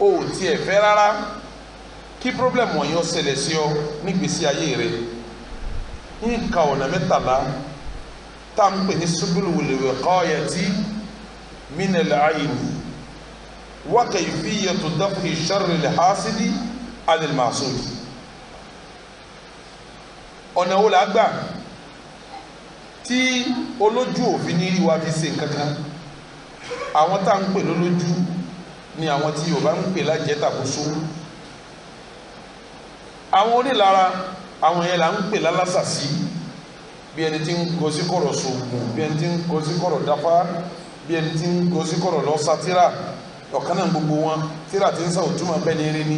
o ò tiẹ̀ fẹ́ rárá kí problem wọ̀nyí ó ṣẹlẹ̀ sí ọ nígbèsí ayé rẹ nǹkan ọ̀nà mẹ́tàlá tá à ń pè ní subúlù wùlẹ̀wẹ̀ kọ́ọ̀yà tí mínẹ̀lẹ̀ àyìnbí wákà ìfìyà tó dákun ìṣàrẹ̀lẹ̀ hásídì alẹ́lmàṣọ́dì ọ̀nà wo la gbà tí olójú òfin ní rí wa fi ṣe nǹkan àwọn tá à ń pè lólójú ni àwọn tí Yorùbá ń pè lájẹ́ tàkóso àwọn onílara àwọn yẹn là ń pè lálásàsí bí ẹni tí ń gọsí kọ̀rọ̀ sògùn bí ẹni tí ń gọsí kọ̀rọ̀ dáfá bí ẹni tí ń gọsí kọ̀rọ̀ lọ́sà tíra ọ̀kan náà gbogbo wọn tíra ti ń sá òtúmọ̀ bẹ́ẹ̀ ni eré ni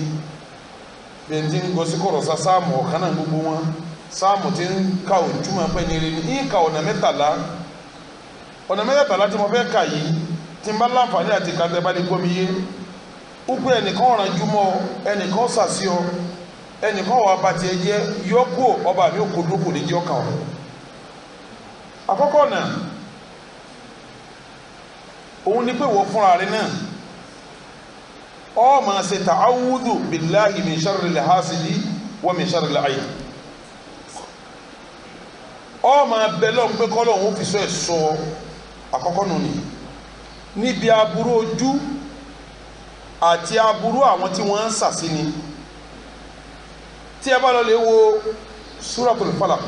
bí ẹni tí ń gọsí kọ̀rọ̀ sá sáàmù ọ̀kan náà gbogbo wọn sáàmù ti ń ka òtúmọ̀ bẹ́ẹ̀ ni eré ni ìka ọ̀nà mẹ́tàlá ọ̀nà mẹ́tàlá tí mo fẹ́ kà yìí tí n bá láǹfààní àti kàtẹ́ ní gbọ́mi yé wípé ẹnìkan ọ̀ràn jùmọ̀ ẹnìkan sàṣì ọ ẹnìkan wà bàtì ẹ jẹ yọ kú ọba mi kò dúró kò ní jẹ ọkàn ọ àkọ́kọ́ náà òun ni pé wọ́n fúnra rẹ náà ọ máa ṣe ta'awudu billahi min sharril hasidi wa min sharril ayn ọ máa bẹ lọ́n pé kọ́lọ́hún fi sọ ẹ̀ sọ àkọ́kọ́ nù ni níbi aburú ojú àti aburú àwọn tí wọ́n ń sàsí ni tí ẹ bá lọ lè wo suratul falaq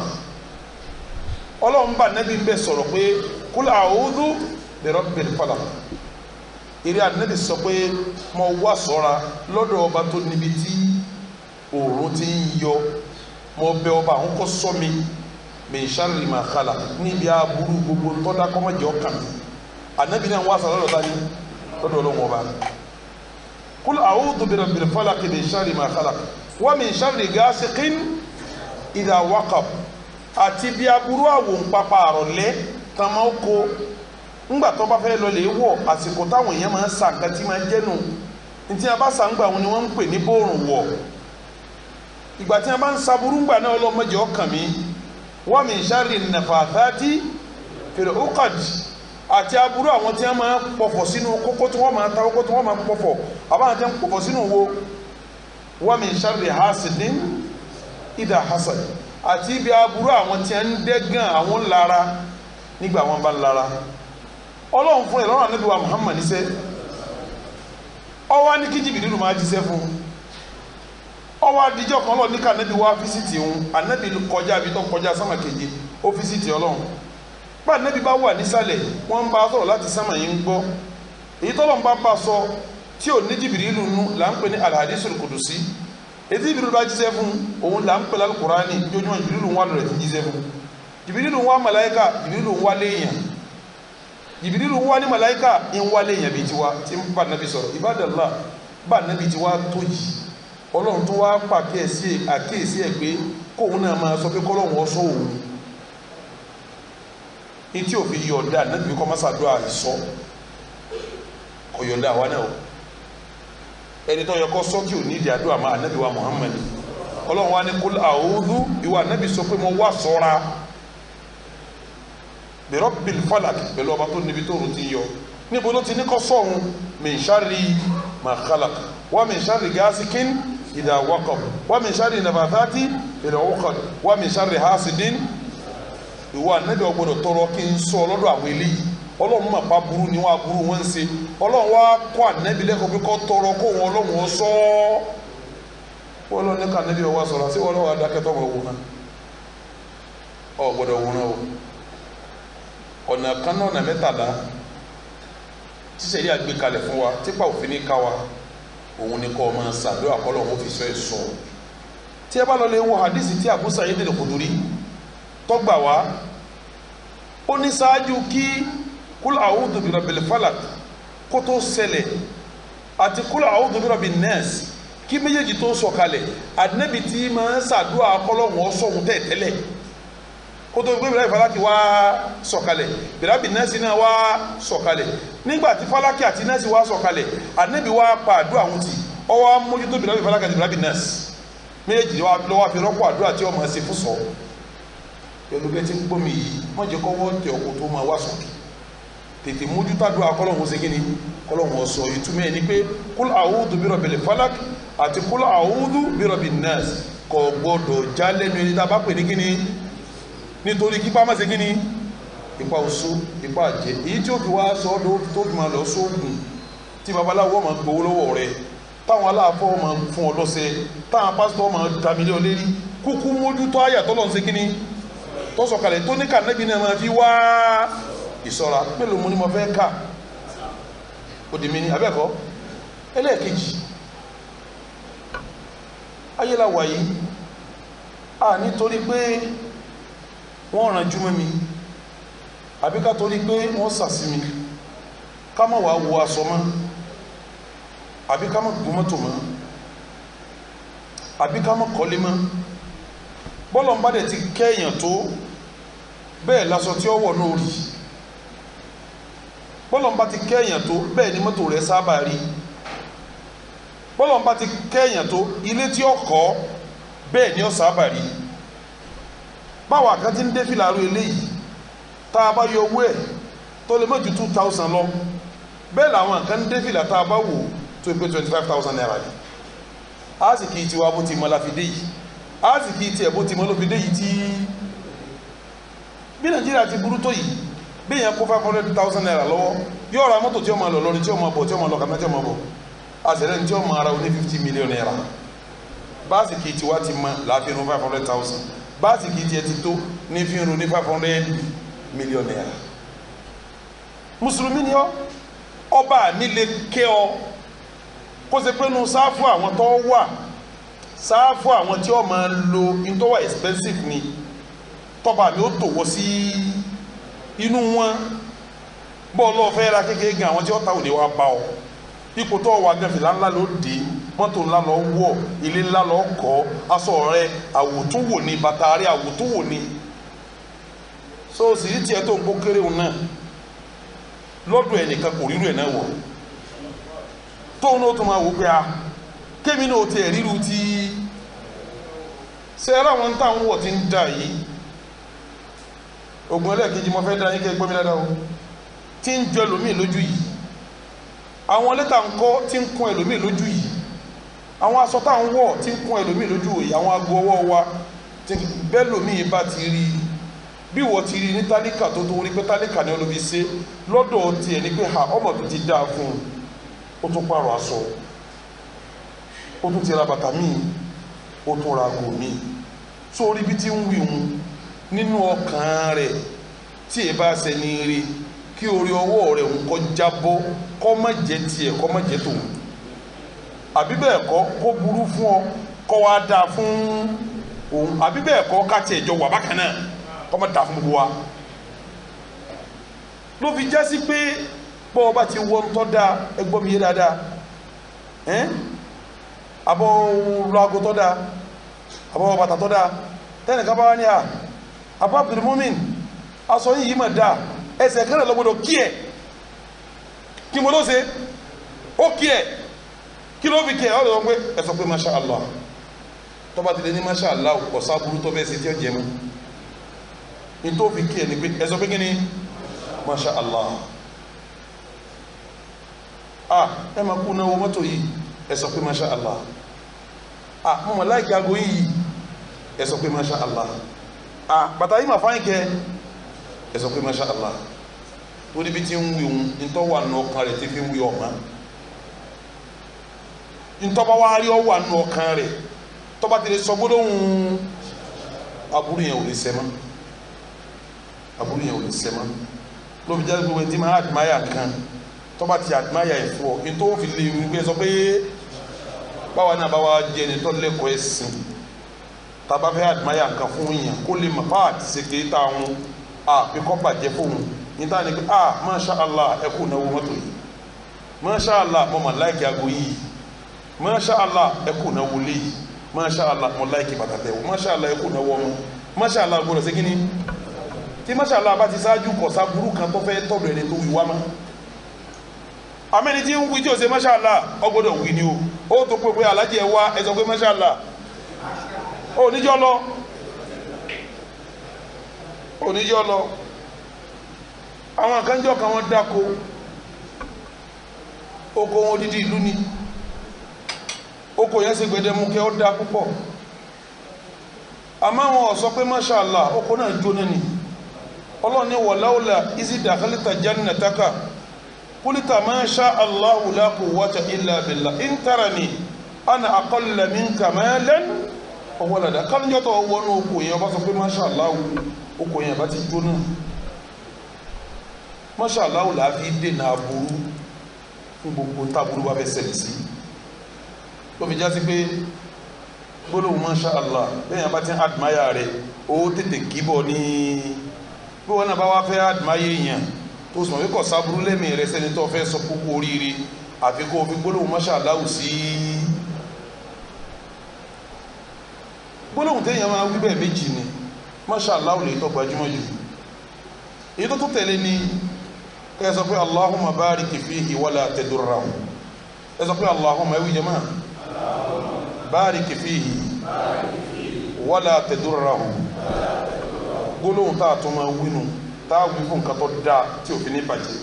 ọlọ́run bá nẹ́bí ń bẹ sọ̀rọ̀ pé kul a'udhu bi rabbil falaq eré ànẹ́bí sọ pé mo wá sọ́ra lọ́dọ̀ ọba tó níbi tí òòrùn ti ń yọ mo bẹ ọba àwọn kọ́ sọ mi min sharri ma níbi aburú gbogbo tọ́dá kọ́mọ́jọ́ kàn ànẹ́bí náà wá sọ̀rọ̀ lọ́dọ̀ ọlọ́run ọba kul a'udhu برب الفلق falaq min sharri ma khalaq wa min إذا ghasiqin idha waqab àti bí aburú àwò ń papà àrọ̀lẹ́ tán máa ń kó ńgbà tó bá fẹ́ lọ lè wọ̀ àsìkò táwọn èèyàn máa ń sa nǹkan tí máa ń jẹ́nu ntí a bá sa ńgbà wọn ni wọ́n ń pè ní bóòrùn wọ̀ ìgbà tí a bá ń sa burú ńgbà náà ọlọ́mọdé ọkàn mi wa min sharri nafathati fil uqad àti aburú àwọn tí wọ́n máa ń pọ̀fọ̀ sínú kókó tí wọ́n máa ta kókó tí wọ́n máa ń pọ̀fọ̀ àbáwọn tí wọ́n pọ̀fọ̀ sínú wo wa min sharri hasidin idha hasad àti ibi aburú àwọn tí wọ́n ń dẹ́gàn àwọn ńlára nígbà wọn bá ńlára ọlọ́run fún ẹ̀ lọ́rọ̀ níbi wa Muhammad ṣe ọwọ́ ní kí jìbìtì máa jíṣẹ́ fún ọwọ́ adijọ́ kan lọ ní ká níbi wa fíṣítì òun kọjá ibi tó kọjá sámà keje ó fíṣítì ọlọ́run bá nẹ́bí bá wà nísàlẹ̀ wọ́n ń bá a sọ̀rọ̀ láti sánmà yìí ń gbọ́ èyí tọ́lọ̀ ń bá bá sọ tí ò ní Jibrilu nù là ń pè ní alhadisul kudusi ètí Jibrilu bá jíṣẹ́ fún òun là ń pè lálùkùránì jójúmọ́ Jibrilu wà lọ́rẹ̀ ti jíṣẹ́ fún Jibrilu wà màláíkà Jibrilu wà léèyàn Jibrilu wà ní màláíkà ń wà léèyàn bíi tiwa tí ń bá nẹ́bí sọ̀rọ̀ ibadallah ntí òfin yọ̀ọ̀dà nàbí bí kọ́másá dọ́ àìsọ kò yọ̀ọ̀dà wa náà ẹni tó yẹ kọ́ sọ́kì òní ìdí àdúrà máa nàbí wa Muhammad ọlọ́run wa ní kul a'udhu ìwà nàbí sọ pé mo wà sọ́ra bi rabbil falak pẹ̀lú ọba tó níbi tó rùn ti yọ níbo ló ti ní kọ́ sọ́hun min sharri ma khalaq wa min sharri ghasikin idha waqab wa min sharri nabathati idha hasidin ìwọ ànábì ọgbọdọ tọrọ kí n sọ ọlọ́dọ̀ àwọn eléyìí ọlọ́run mà pa burú ni wọ́n aburú wọn ń ṣe ọlọ́run wá kọ́ ànábì lẹ́kọ̀ọ́ pé tọrọ kó wọn ọlọ́run ọ sọ ọ́ wọ́n lọ ní kànábì ọwọ́ sọ̀rọ̀ sí wọn lọ́wọ́ wọn ọ o ọ̀nà kan náà ọ̀nà mẹ́tàlá ṣíṣe yà gbé fún wa tipa òfin ní ká wa òun ni kọ́ ọ máa ṣàdúrà fi sọ ẹ̀ sọ tí ẹ bá lọ lè hadisi tí tó wa wá ó ní ṣáájú kí kúlù a'udhu bi rabbil falak kó tó ṣẹlẹ̀ àti kúlù a'udhu bi rabbin nas kí méjèèjì tó sọ̀kalẹ̀ àdínẹ́bì tí máa ń ṣàdúrà kọ́lọ́hún ọ̀sọ̀hún tẹ̀tẹ́lẹ̀ kó tó gbé bìrẹ́bì falaki wá sọ̀kalẹ̀ bìrẹ́bì nẹ́ẹ̀sì náà wá sọ̀kalẹ̀ nígbà tí falaki àti nẹ́ẹ̀sì wá sọ̀kalẹ̀ àdínẹ́bì wá pa àdúrà wọn ti ọwọ́ amójútó bìrẹ́bì falaki àti bìrẹ́bì nẹ́ẹ̀sì méjèèjì lọ́wọ́ fi rọ́pò àdúrà tí ọmọ pẹ̀lú bẹ́ẹ̀ tí ń gbọ́ mi yìí má jẹ́ kọ́wọ́ tẹ ọkọ̀ tó máa wá sókè tètè mójútàdúrà kọ́lọ́hún ṣe kíni kọ́lọ́hún ọ̀sọ̀ ìtumẹ̀ ni pé kúl àwùdù bí rọ̀bì falak àti kúl àwùdù bí rọ̀bì nas kò gbọ́dọ̀ já lẹ́nu ẹni tá a bá pè ní kíni nítorí kípa má ṣe kíni ipa oṣù ipa àjẹ èyí tí ó fi wá sọ tó fi máa lọ sóògùn tí babaláwo máa gbowó lọ́wọ́ rẹ̀ táwọn aláàfọ́ máa fún ọ lọ́sẹ̀ táwọn pásítọ̀ máa dàmílẹ̀ ọ lérí kúkú mójútó àyà tọ́lọ́ ṣe kíni tó sọ̀kalẹ̀ tó ní kànábì náà máa fi wá ìṣọ́ra mélòó mo ní mo fẹ́ kà òdì mi ní abẹ́ẹ̀kọ́ ẹlẹ́ẹ̀kejì ayélujára yìí a nítorí pé wọ́n ràn jú mọ́ mi àbí ká torí pé wọ́n sàsí mi ká má wàá wo aṣọ mọ́ àbí ká má gùn mọ́tò mọ́ àbí ká má kọ́lé mọ́ bọ́lọ̀ ń bá dẹ̀ ti kẹ́yàn tó bẹ́ẹ̀ lasọ tí ó wọ̀ náà rí bọ́lọ̀ ń bá ti kẹ́yàn tó bẹ́ẹ̀ ni mọ́tò rẹ̀ sábà rí bọ́lọ̀ ń bá ti kẹ́yàn tó ilé tí ó kọ́ bẹ́ẹ̀ ni ó sábà rí báwo àkántí ń dé fìlà aró eléyìí tá a bá yọ owó ẹ̀ tó lè mọ́jú two thousand lọ bẹ́ẹ̀ làwọn nǹkan ń dé fìlà tá a bá wò tó pé twenty five thousand naira ni a sì kì í tiwa bó ti mọ́ láfi dé yìí. azìkì tiẹ̀ bó ti mọ́ ló fi tí bí nàìjíríà ti burú tó yìí bí èèyàn kó five hundred thousand naira lọ́wọ́ yóò ra mọ́tò tí ó máa lọ lọ́rin tí ó máa bọ̀ tí ó máa lọ kàmẹ́ tí ó máa bọ̀ àṣẹrẹ́ tí ó máa ra oní fifty naira báàsì kì ti mọ láàfin rún five hundred thousand báàsì kì í ti tó ní fi ní five hundred naira mùsùlùmí ni ọ ọba mi lè ọ kó ṣe pé nu sáfù àwọn tó sáfù àwọn tí wọ́n máa lo ntọ́wà expensive ni tọ́ba mi ó tòwọ́ sí inú wọn bọ́ọ̀lù ọ̀fẹ́ ra kékeré gan àwọn tí wọ́n ta òde wa bá ọ ipò tó wà gan fìlà ńlá ló dé mọ́tò ńlá lọ wọ̀ ilé ńlá lọ kọ́ aṣọ rẹ àwòtúnwò ni bàtà rẹ àwòtúnwò ni so sì ní tiẹ̀ tó ń kó kéré òun náà lọ́dọ̀ ẹnìkan kò rírú ẹ̀ náà wọ̀ tóun náà tó máa wò pé a ah, kémi náà tiẹ̀ ríru ti ṣé ẹ láwọn táwọn wọ̀ ti ń dà yìí ogun ẹlẹ́ẹ̀kejì mo fẹ́ dá yín kẹ́ gbọ́ mi dáadáa o ti ń jọ ẹlòmíì lójú yìí àwọn lẹ́tà ń kọ́ ti ń kún ẹlòmíì lójú yìí àwọn aṣọ tá à ń wọ̀ ti ń kún ẹlòmíì lójú yìí àwọn aago ọwọ́ wa bẹ́ẹ̀ lòmíì bá ti rí i bí wọ́n ti rí ní tálíkà tó tó wọ́n ní pé tálíkà ni olóbi ṣe lọ́dọ̀ tiẹ̀ ni pé ha ọmọ tó ti dáa fún un ó tún pààrọ̀ aṣọ ó tún ti ra bàtà míì ó tún ra gò mí sórí bí tí ń wí hun nínú ọkàn rẹ̀ tí ẹ bá sẹni rí kí orí ọwọ́ rẹ̀ ń kọ́ jábọ́ kọ́ má jẹ́ tiẹ̀ kọ́ má jẹ́ tòun àbí bẹ́ẹ̀ kọ́ kó burú fún ọ kọ́ wa dáa fún òun àbí bẹ́ẹ̀ kọ́ ká tiẹ̀ jọ wà bákan náà kọ́ má dáa fún gbogbo wa ló fi jásí pé bọ́ọ̀ bá ti wọ́n tọ́ da ẹgbọ́n mi yé dáadáa àbọ̀ lọ ago tó dáa àbọ̀ bàtà tó dáa tẹ́nìkan bá wá ní à àbọ̀ abdulmumin aṣọ yìí mà dáa ẹsẹ̀ kẹrẹ̀ lọ́gbọ́dọ̀ kí ẹ̀ kí mo ló ṣe ó kí ẹ̀ kí ló fi kí ẹ̀ ọ̀rọ̀ pé ẹ sọ pé masha allah tọ́ba ti lè ní masha allah ọ̀sá burú tó bẹ́ẹ̀ ṣe tí ó jẹ mọ́ ní tó fi kí ẹ̀ ní pé ẹ sọ pé kí ni masha allah ah ẹ máa kú náà wọ mọ́tò yìí ẹ pé masha allah ah mo mọ̀ láìkí aago yìí ẹ pé masha allah ah bàtà yìí mà fáyín kẹ ẹ pé masha allah tó níbi tí ń wí òun ntọ́ wà nù ọkàn rẹ̀ tí fi ń wí ọ̀ma ntọ́ba wa rí ọ wà nù ọkàn rẹ̀ tọ́ba tẹ̀lé sọ gbọ́dọ̀ ń aburú yẹn ò lè sẹ́mọ́ aburú yẹn ò lè sẹ́mọ́ lóbi jáde gbogbo ẹni tí máa àdìmáyà kan tọ́ba ti àdìmáyà ẹ̀ fún ọ ní tó fi lè wí pé sọ pé báwa náà báwa jẹ ẹni tó lẹ́kọ̀ọ́ ẹ̀sìn tàbá fẹ́ àdìmáyà nǹkan fún yàn kó lè mọ̀ fáà ti ṣètè tá a wọn a fi kọ́ bàjẹ́ fóun ní tá a ní pé a masha allah ẹ kú náwó mọ́tò yìí masha allah mo mọ̀ láìkí aago yìí masha allah ẹ kú náwó lé yìí masha allah mo láìkí bàtà tẹ̀ wọ́n masha allah ẹ kú náwó ọmọ masha allah gbọ́dọ̀ ṣe kí ni tí masha allah bá ti ṣáájú kọ̀ sá burú kan tó fẹ́ tọ̀dọ̀ ẹni tó wíwá mọ́ amẹ́ni tí ń wí tí ò ṣe mọ́ṣáláà ó wí ni o ó tó pé pé alájẹ wa ẹ sọ pé mọ́ṣáláà ó níjọ́ lọ ó níjọ́ lọ àwọn àkànjọ́ kan wọ́n dáko oko wọn odidi ìlú ni oko yẹn ṣe gbẹdẹmukẹ́ ó dá púpọ̀ àmọ́ àwọn ọ̀sọ́ pé mọ́ṣáláà oko náà jóná ni ọlọ́ọ̀ni wọ̀láwọ̀lá ìsìdàkálítà jannataka. taka قلت ما شاء الله لا قوة إلا بالله إن ترني أنا أقل منك مالا وولدا كان يطوى ونوكو يبقى ما شاء الله okò yẹn bá ti jóná mọ́ṣáláwù la fi dènà aburú fún gbogbo táburú bá fẹ́ ṣẹlẹ̀ sí lómi já sí pé gbólóhùn mọ́ṣáláà lẹ́yìn bá ti ń admire rẹ̀ ó tètè kíbọ̀ ní bí wọn náà bá wá admire yẹn tó sùn wípé sábúrú lẹ́mí rẹ sẹ́ni tó fẹ́ sọ kókó oríire àfi kó o fi gbólóhùn mọ́ṣáláhù sí i gbólóhùn téèyàn máa wí bẹ́ẹ̀ méjì ni mọ́ṣáláhù lè tọ́ gbajúmọ̀ jù èyí tó tó tẹ̀lé ni ẹ sọ pé Allahumma barik fihi wala tadurrahu ẹ sọ pé Allahumma ẹwì jẹ́ máa barik fihi wala tadurrahu gbólóhùn tá a tún máa wí tá a wí fún nǹkan tó dáa tí òfin ní bàjẹ́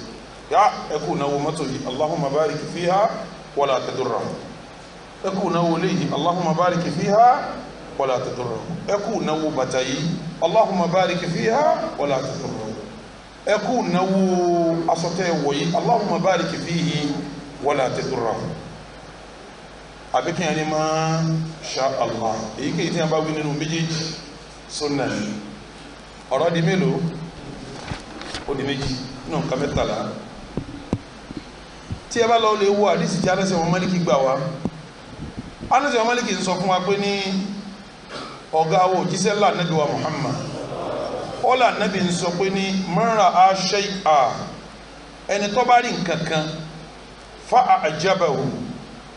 yá ẹ kú náwó mọ́tò yìí allahumma barik fiha wala tadurra ẹ kú náwó léyìí allahumma barik fiha wala tadurra ẹ kú náwó bàtà yìí allahumma barik fiha wala tadurra ẹ kú náwó asọ́tẹ̀ wọ̀ yìí allahumma barik fihi wala tadurra àbí kí n máa ṣá allah èyíkéyìí tí wọn bá wí nínú méjèèjì sunna ọ̀rọ̀ di mélòó ó di méjì nínú nǹkan mẹ́tàlá tí ẹ bá lọ lè wo àdìsí tí anẹ́sẹ̀ wọn málìkì gbà wá anẹ́sẹ̀ wọn málìkì ń sọ fún wa pé ní ọ̀gá wo òjíṣẹ́ ńlá nẹ́bí wa Muhammad ọ̀là nẹ́bí ń sọ pé ní mara aṣẹ́ à ẹni tó bá rí nǹkan kan fa àjẹbẹ̀wò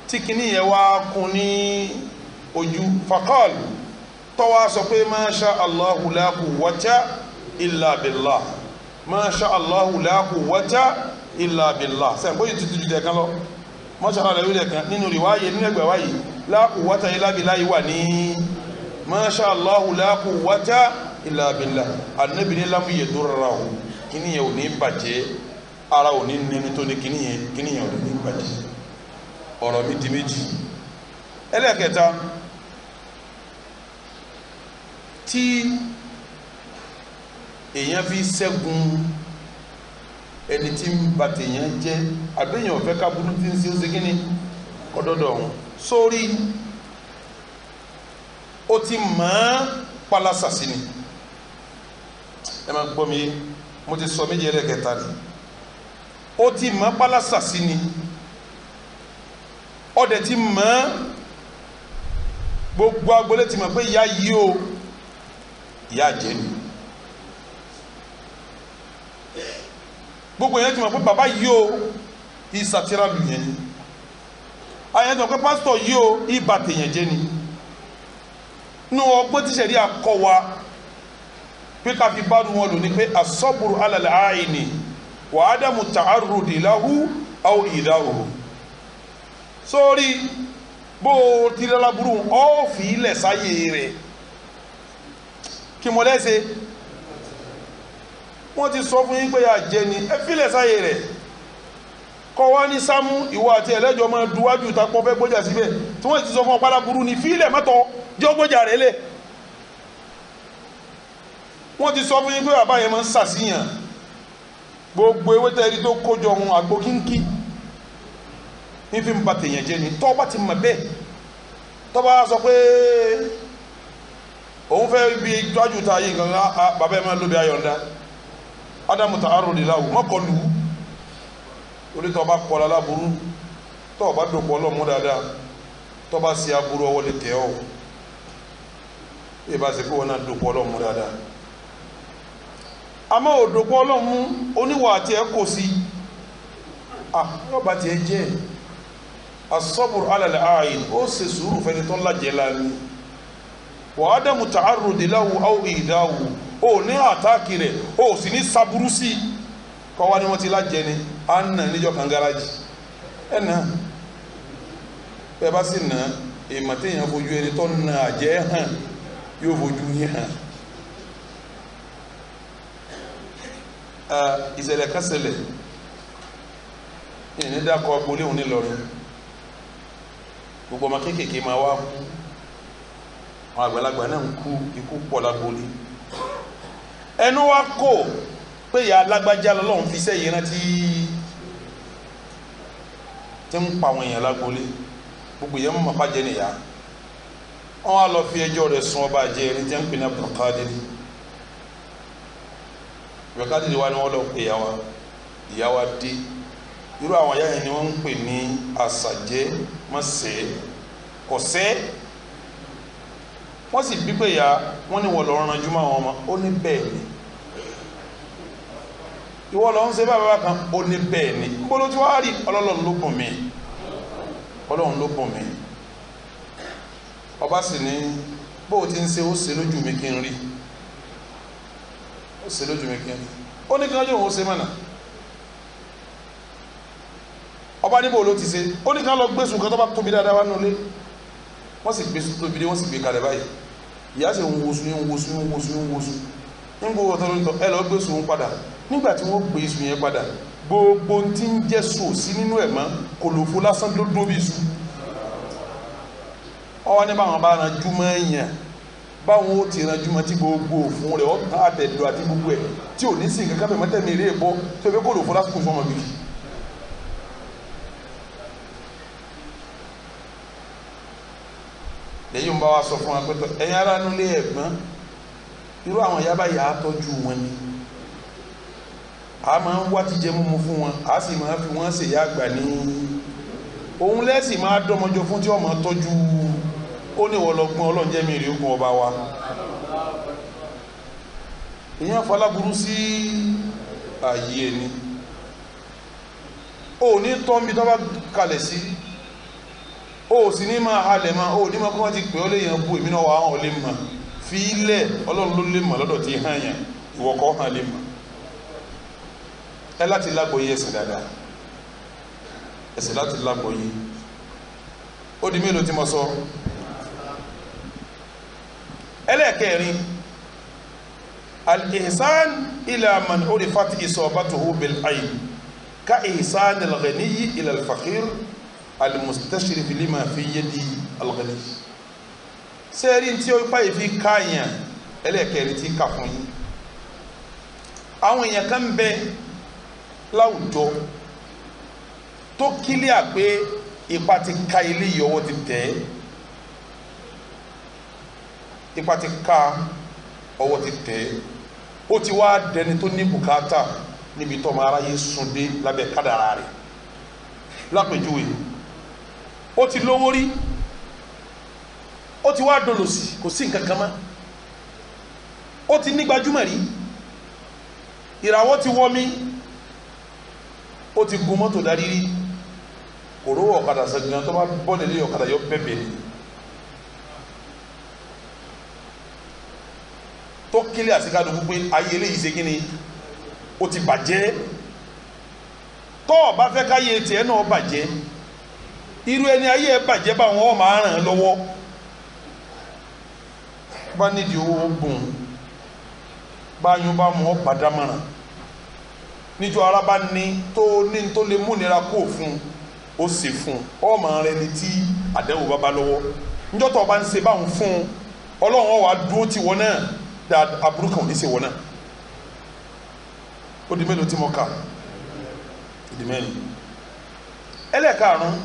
tí kìíní yẹn wá kún ní ojú fakọ́ọ̀lù tó sọ pé masha Allahu la quwwata illa billah masha allahu la quwwata illa billah sẹ́yìn bóyá tuntun ju dẹ̀kan lọ masha allah lẹ́wọ́ dẹ̀kan nínú riwaaye nínú ẹgbẹ̀ wáyé la quwwata illa billah yìí wà ní masha allahu la quwwata illa billah anabi ni lamu yẹ dúró ra o kíní yẹn ò ní bàjẹ́ ara ò ní nínú tó ní kíní yẹn kíní yẹn ò ní bàjẹ́ mi di méjì ẹlẹ́kẹta tí èèyàn fi ṣẹ́gun ẹni tí ń ba tèèyàn jẹ́ àbẹ́yàn ọ̀fẹ́ kábúrú tí ń ṣe ó ṣe kíni ọ̀dọ́dọ̀ ọ̀hún sórí ó ti mọ̀ ọ́n palasa sí ni ẹ máa gbọ́ mi mo ti sọ méjì ẹlẹ́kẹta ni ó ti mọ̀ ọ́n palasa sí ni ọ̀dẹ̀ ti mọ̀ ọ́n gbogbo agbolé ti mọ̀ pé ìyá yìí o ìyá jẹ́ ni. gbogbo yẹn ti mọ̀ pé bàbá yìí o ìsàtìrà mi yẹn ni àyẹn ti mọ̀ pé pásítọ̀ yìí o ìbà tèèyàn jẹ́ ni nínú ọgbọ́n tí sẹ̀rí àkọ́ wa pé ká fi báru wọn lò ní pé asọ́bùrù alàlẹ́ àìní wà á dàmú tààrùdì láhù àwọn ìdá sórí bó o ti lọ́la burú ọ́ fi ilẹ̀ sáyé rẹ̀ kí mo lẹ́sẹ̀ wọ́n ti sọ fún yín pé àjẹ́ ni ẹ fílẹ̀ sáyé rẹ̀ kọ́ wá ní sámú ìwọ àti ẹlẹ́jọ́ máa duwájú ìtapọ̀ fẹ́ gbọ́jà tí wọ́n ti sọ fún ni fílẹ̀ mọ́tọ́ jẹ́ ọgbọ́jà rẹ̀ lẹ̀ wọ́n ti sọ fún gbogbo ewé tó kójọ ohun àgbo kínkí ní tèèyàn sọ pé òun fẹ́ bí gangan ádámù tá a rò lè láwù mọ́kọ lù ú orí tó bá kọ́ lálá burú tó bá dòpọ̀ ọlọ́mú dáadáa tó bá sí aburú ọwọ́ lè tẹ̀ ọ́ bí ìbá ṣe pé wọn náà dòpọ̀ ọlọ́mú dáadáa àmọ́ òdòpọ̀ ọlọ́mú oníwà àti ẹ̀ kò sí àbá tiẹ̀ jẹ́ asọ́bùrù alàlẹ́ ààyìn ó ṣe sùúrù fẹ́ni tó lájẹ́ lánìí wà ádámù tá a rò lè láwù áwù ìdáwù o ní àtàkì rẹ̀ o sì ní saburú sí i kọ́ wa ni wọ́n ti lájẹ ni à ń nà níjọ́ kan gáràjì ẹ̀ nà ẹ bá sì nà èèmọ̀ téèyàn fojú ẹni tó nà àjẹ́ hàn yóò fojú yín hàn. ìṣẹ̀lẹ̀ kan ṣẹlẹ̀ ìní dákọ̀ agboolé òun nílọrin gbogbo ọmọ kéékèèké máa wá kú àwọn àgbàlagbà náà ń kú ikú pọ̀ lágboolé ẹnu wa kò pé ìyá alágbájá lọ́lọ́run fi sẹ́yìn rántí tí ń pa àwọn èèyàn lágboolé gbogbo èèyàn mọ̀ pàjẹ́ nìyá wọn á lọ fi ẹjọ́ rẹ̀ sun ọba àjẹ́ ẹni tí ń pè ní abdulkadir abdulkadir wa ni wọ́n lọ pè ìyá wa ìyá wa dé irú àwọn ìyá yẹn ni wọ́n ń pè ní àṣàjẹ́ mọ̀sẹ́ kọ̀sẹ́ wọ́n sì bí pé ìyá wọ́n ní wọ́n lọ́ọ́ ranjú mọ́ àwọn ọmọ ó ní bẹ́ẹ̀ ni ìwọ lọ ń ṣe bá bàbá kan ó ní bẹ́ẹ̀ ni gbọ́dọ̀ tí wàá rí ọlọ́run ló bùn mí ọlọ́run ló bùn mí ọba sì ní bó o ti ń ṣe ó ṣe lójú mi kí n rí ó ṣe lójú mi kí n rí ó ní kí wọ́n yóò wọ́n ṣe mọ́nà ọba níbo ló ti ṣe ó ní kí wọ́n lọ gbèsùn kan tó bá tóbi dáadáa wá nulẹ̀ wọ́n sì gbèsùn tóbi dé wọ́n sì gbé kalẹ̀ báyìí ìyá sì ń wosun ń wosun ń wosun ń wosun ń gbowó ọ̀tọ̀ lórí tọ́ ẹ lọ gbèsùn padà nígbà tí wọ́n pè iṣu yẹn padà gbogbo tí ń jẹ́ so sí nínú ẹ̀ mọ́ kòlòfó lásán ló dó bí iṣu ọwọ́ ní báwọn bá ranjú mọ́ èèyàn báwọn ó ti ranjú mọ́ tí gbogbo òfun rẹ̀ ọ̀tá àtẹ̀dọ̀ àti gbogbo ẹ̀ tí ò ní sí nǹkan káfẹ́ mọ́tẹ́mi eré ìbọ tó fẹ́ kòlòfó lásán kò fún ọmọ lẹ́yìn bá wa sọ fún wa pé ẹ̀yin aránú lé ẹ̀gbọ́n irú àwọn yaba yà á tọ́jú wọn ni a máa ń wá jíjẹ múmu fún wọn a sì máa fi wọn ṣèyá àgbà ní òun lẹ́sìn máa dọ́mọjọ fún tí ọmọ tọ́jú ó ní ìwọlọgbọ́n ọlọ́njẹ́ mi rí ogun ọba wa ìyẹn faláburú sí ààyè ẹni o ní tọ́mbi tó bá kalẹ̀ sí ó sì ní máa halẹ̀ máa ó ní máa kọ́ ti pè ọ́ léèyàn bú èmi náà wà á hàn lè fi ilẹ̀ ọlọ́run ló lè mà lọ́dọ̀ tí hàn yàn ìwọ̀kọ́ hàn lè mà ẹ láti lágbóyè ẹsìn dáadáa ẹsìn láti lágbóyè ó di mélòó tí mo sọ ẹlẹ́ẹ̀kẹrin al-ihsan ila man urifat isabatuhu bil ayn ka ihsan al-ghaniyi ila al-fakhir al-mustashrif lima fi yadi al-ghaniyi sẹ́ẹ̀rí tí ó pa ìfi káàyàn ẹlẹ́ẹ̀kẹrin ti kà fún yín àwọn èèyàn kan bẹ́ẹ̀ láwùjọ tó kílíà pé ipa ti ka ilé yìí ọwọ́ ti tẹ̀ ẹ́ ipa ti ka ọwọ́ ti tẹ̀ ẹ́ ó ti wá dẹni tó ní bùkátà níbi tó ọmọ aráyé sùn dé lábẹ́ kádàrá rẹ̀ lápèjúwe ó ti lówó rí ó ti wá dolòsì kò sí nǹkan kan mọ́ ó ti ní gbajúmọ̀ rí ìràwọ̀ ti wọ́ mi. ó ti gun mọ́tò darí rí kò rówó ọ̀kadà sẹ́gun tó bá bọ́ọ̀lì lé ọ̀kadà yọ bẹ́ẹ̀ tó kílé àsìkádùn pé ayé eléyìí ṣe kí ni ó ti bàjẹ́ tó o bá fẹ́ káyé tiẹ̀ náà bàjẹ́ irú ẹni ayé ẹ bàjẹ́ bá wọn máa ràn án lọ́wọ́ bá nídìí owó bùn bá yún bá mú níjọ ara bá ní tó ní tó lè múnira kú òfun ó sì fún ọmọ rẹ ni tí àdẹ́wò bá bá lọ́wọ́ níjọ́ tó o bá ń ṣe báwọn fún ọlọ́run ọ̀wá dúró tì wọ́n náà dá aburú kan ò ní ṣe wọ́n náà ó di mélòó tí mo kà ó di mélòó ẹlẹ́ẹ̀karùn-ún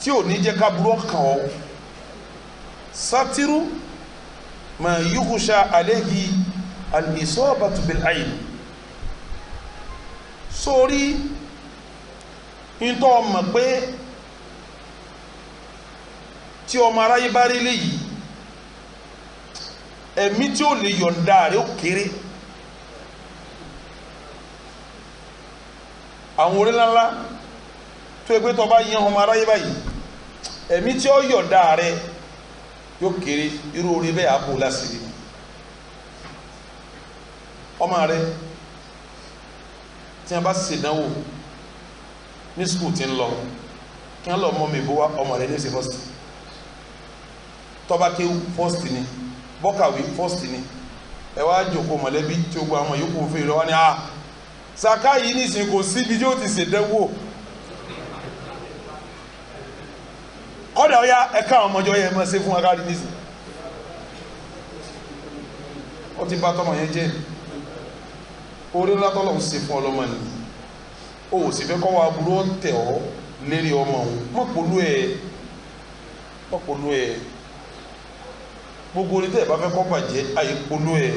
tí ò ní jẹ́ ká burú ọkàn ọ́ sátírù mà yúkúṣà àléhìí al-isabatu bil-ayn sórí nítorí ọmọ pé tí ọmọ aráyé bá rí léyìí ẹ̀mí tí ó lè yọ̀ǹda rẹ̀ ó kéré àwọn orí ńláńlá tó ẹgbẹ́ tó bá yan ọmọ aráyé báyìí ẹ̀mí tí ó yọ̀ǹda rẹ̀ yóò kéré irú orí bẹ́ẹ̀ àpò lásìrí ọmọ rẹ̀ tí wọ́n bá ṣèdánwò ní skul tí ń lọ kí wọ́n lọ mọ́ mi bó wá ọmọ rẹ̀ ní ṣe fọ́sìtì tọ́ba kéwú fọ́sìtì ni bọ́kàwé fọ́sìtì ni ẹ wá jòkó mọ̀lẹ́bí tí o gba ọmọ yòókù fún ìlọ́wọ́ ni a ah, saka yìí nìsín kò síbi tí ó ti ṣèdánwò kọ́dà ọ̀ya ẹ̀ka àwọn ọmọjọ́ yẹn máa ṣe fún akáàdì nìsín ó ti bá tọmọ yẹn jẹ́ ẹ̀ orí ńlá tọ́lọ̀ ń ṣe fún ọlọ́mọ ni o ò sì fẹ́ kọ́ wa burú tẹ̀ ọ́ lérí ọmọ òun mọ̀ polú ẹ̀ mọ̀ polú ẹ̀ gbogbo orí tẹ̀ bá fẹ́ kọ́ bàjẹ́ àyè polú ẹ̀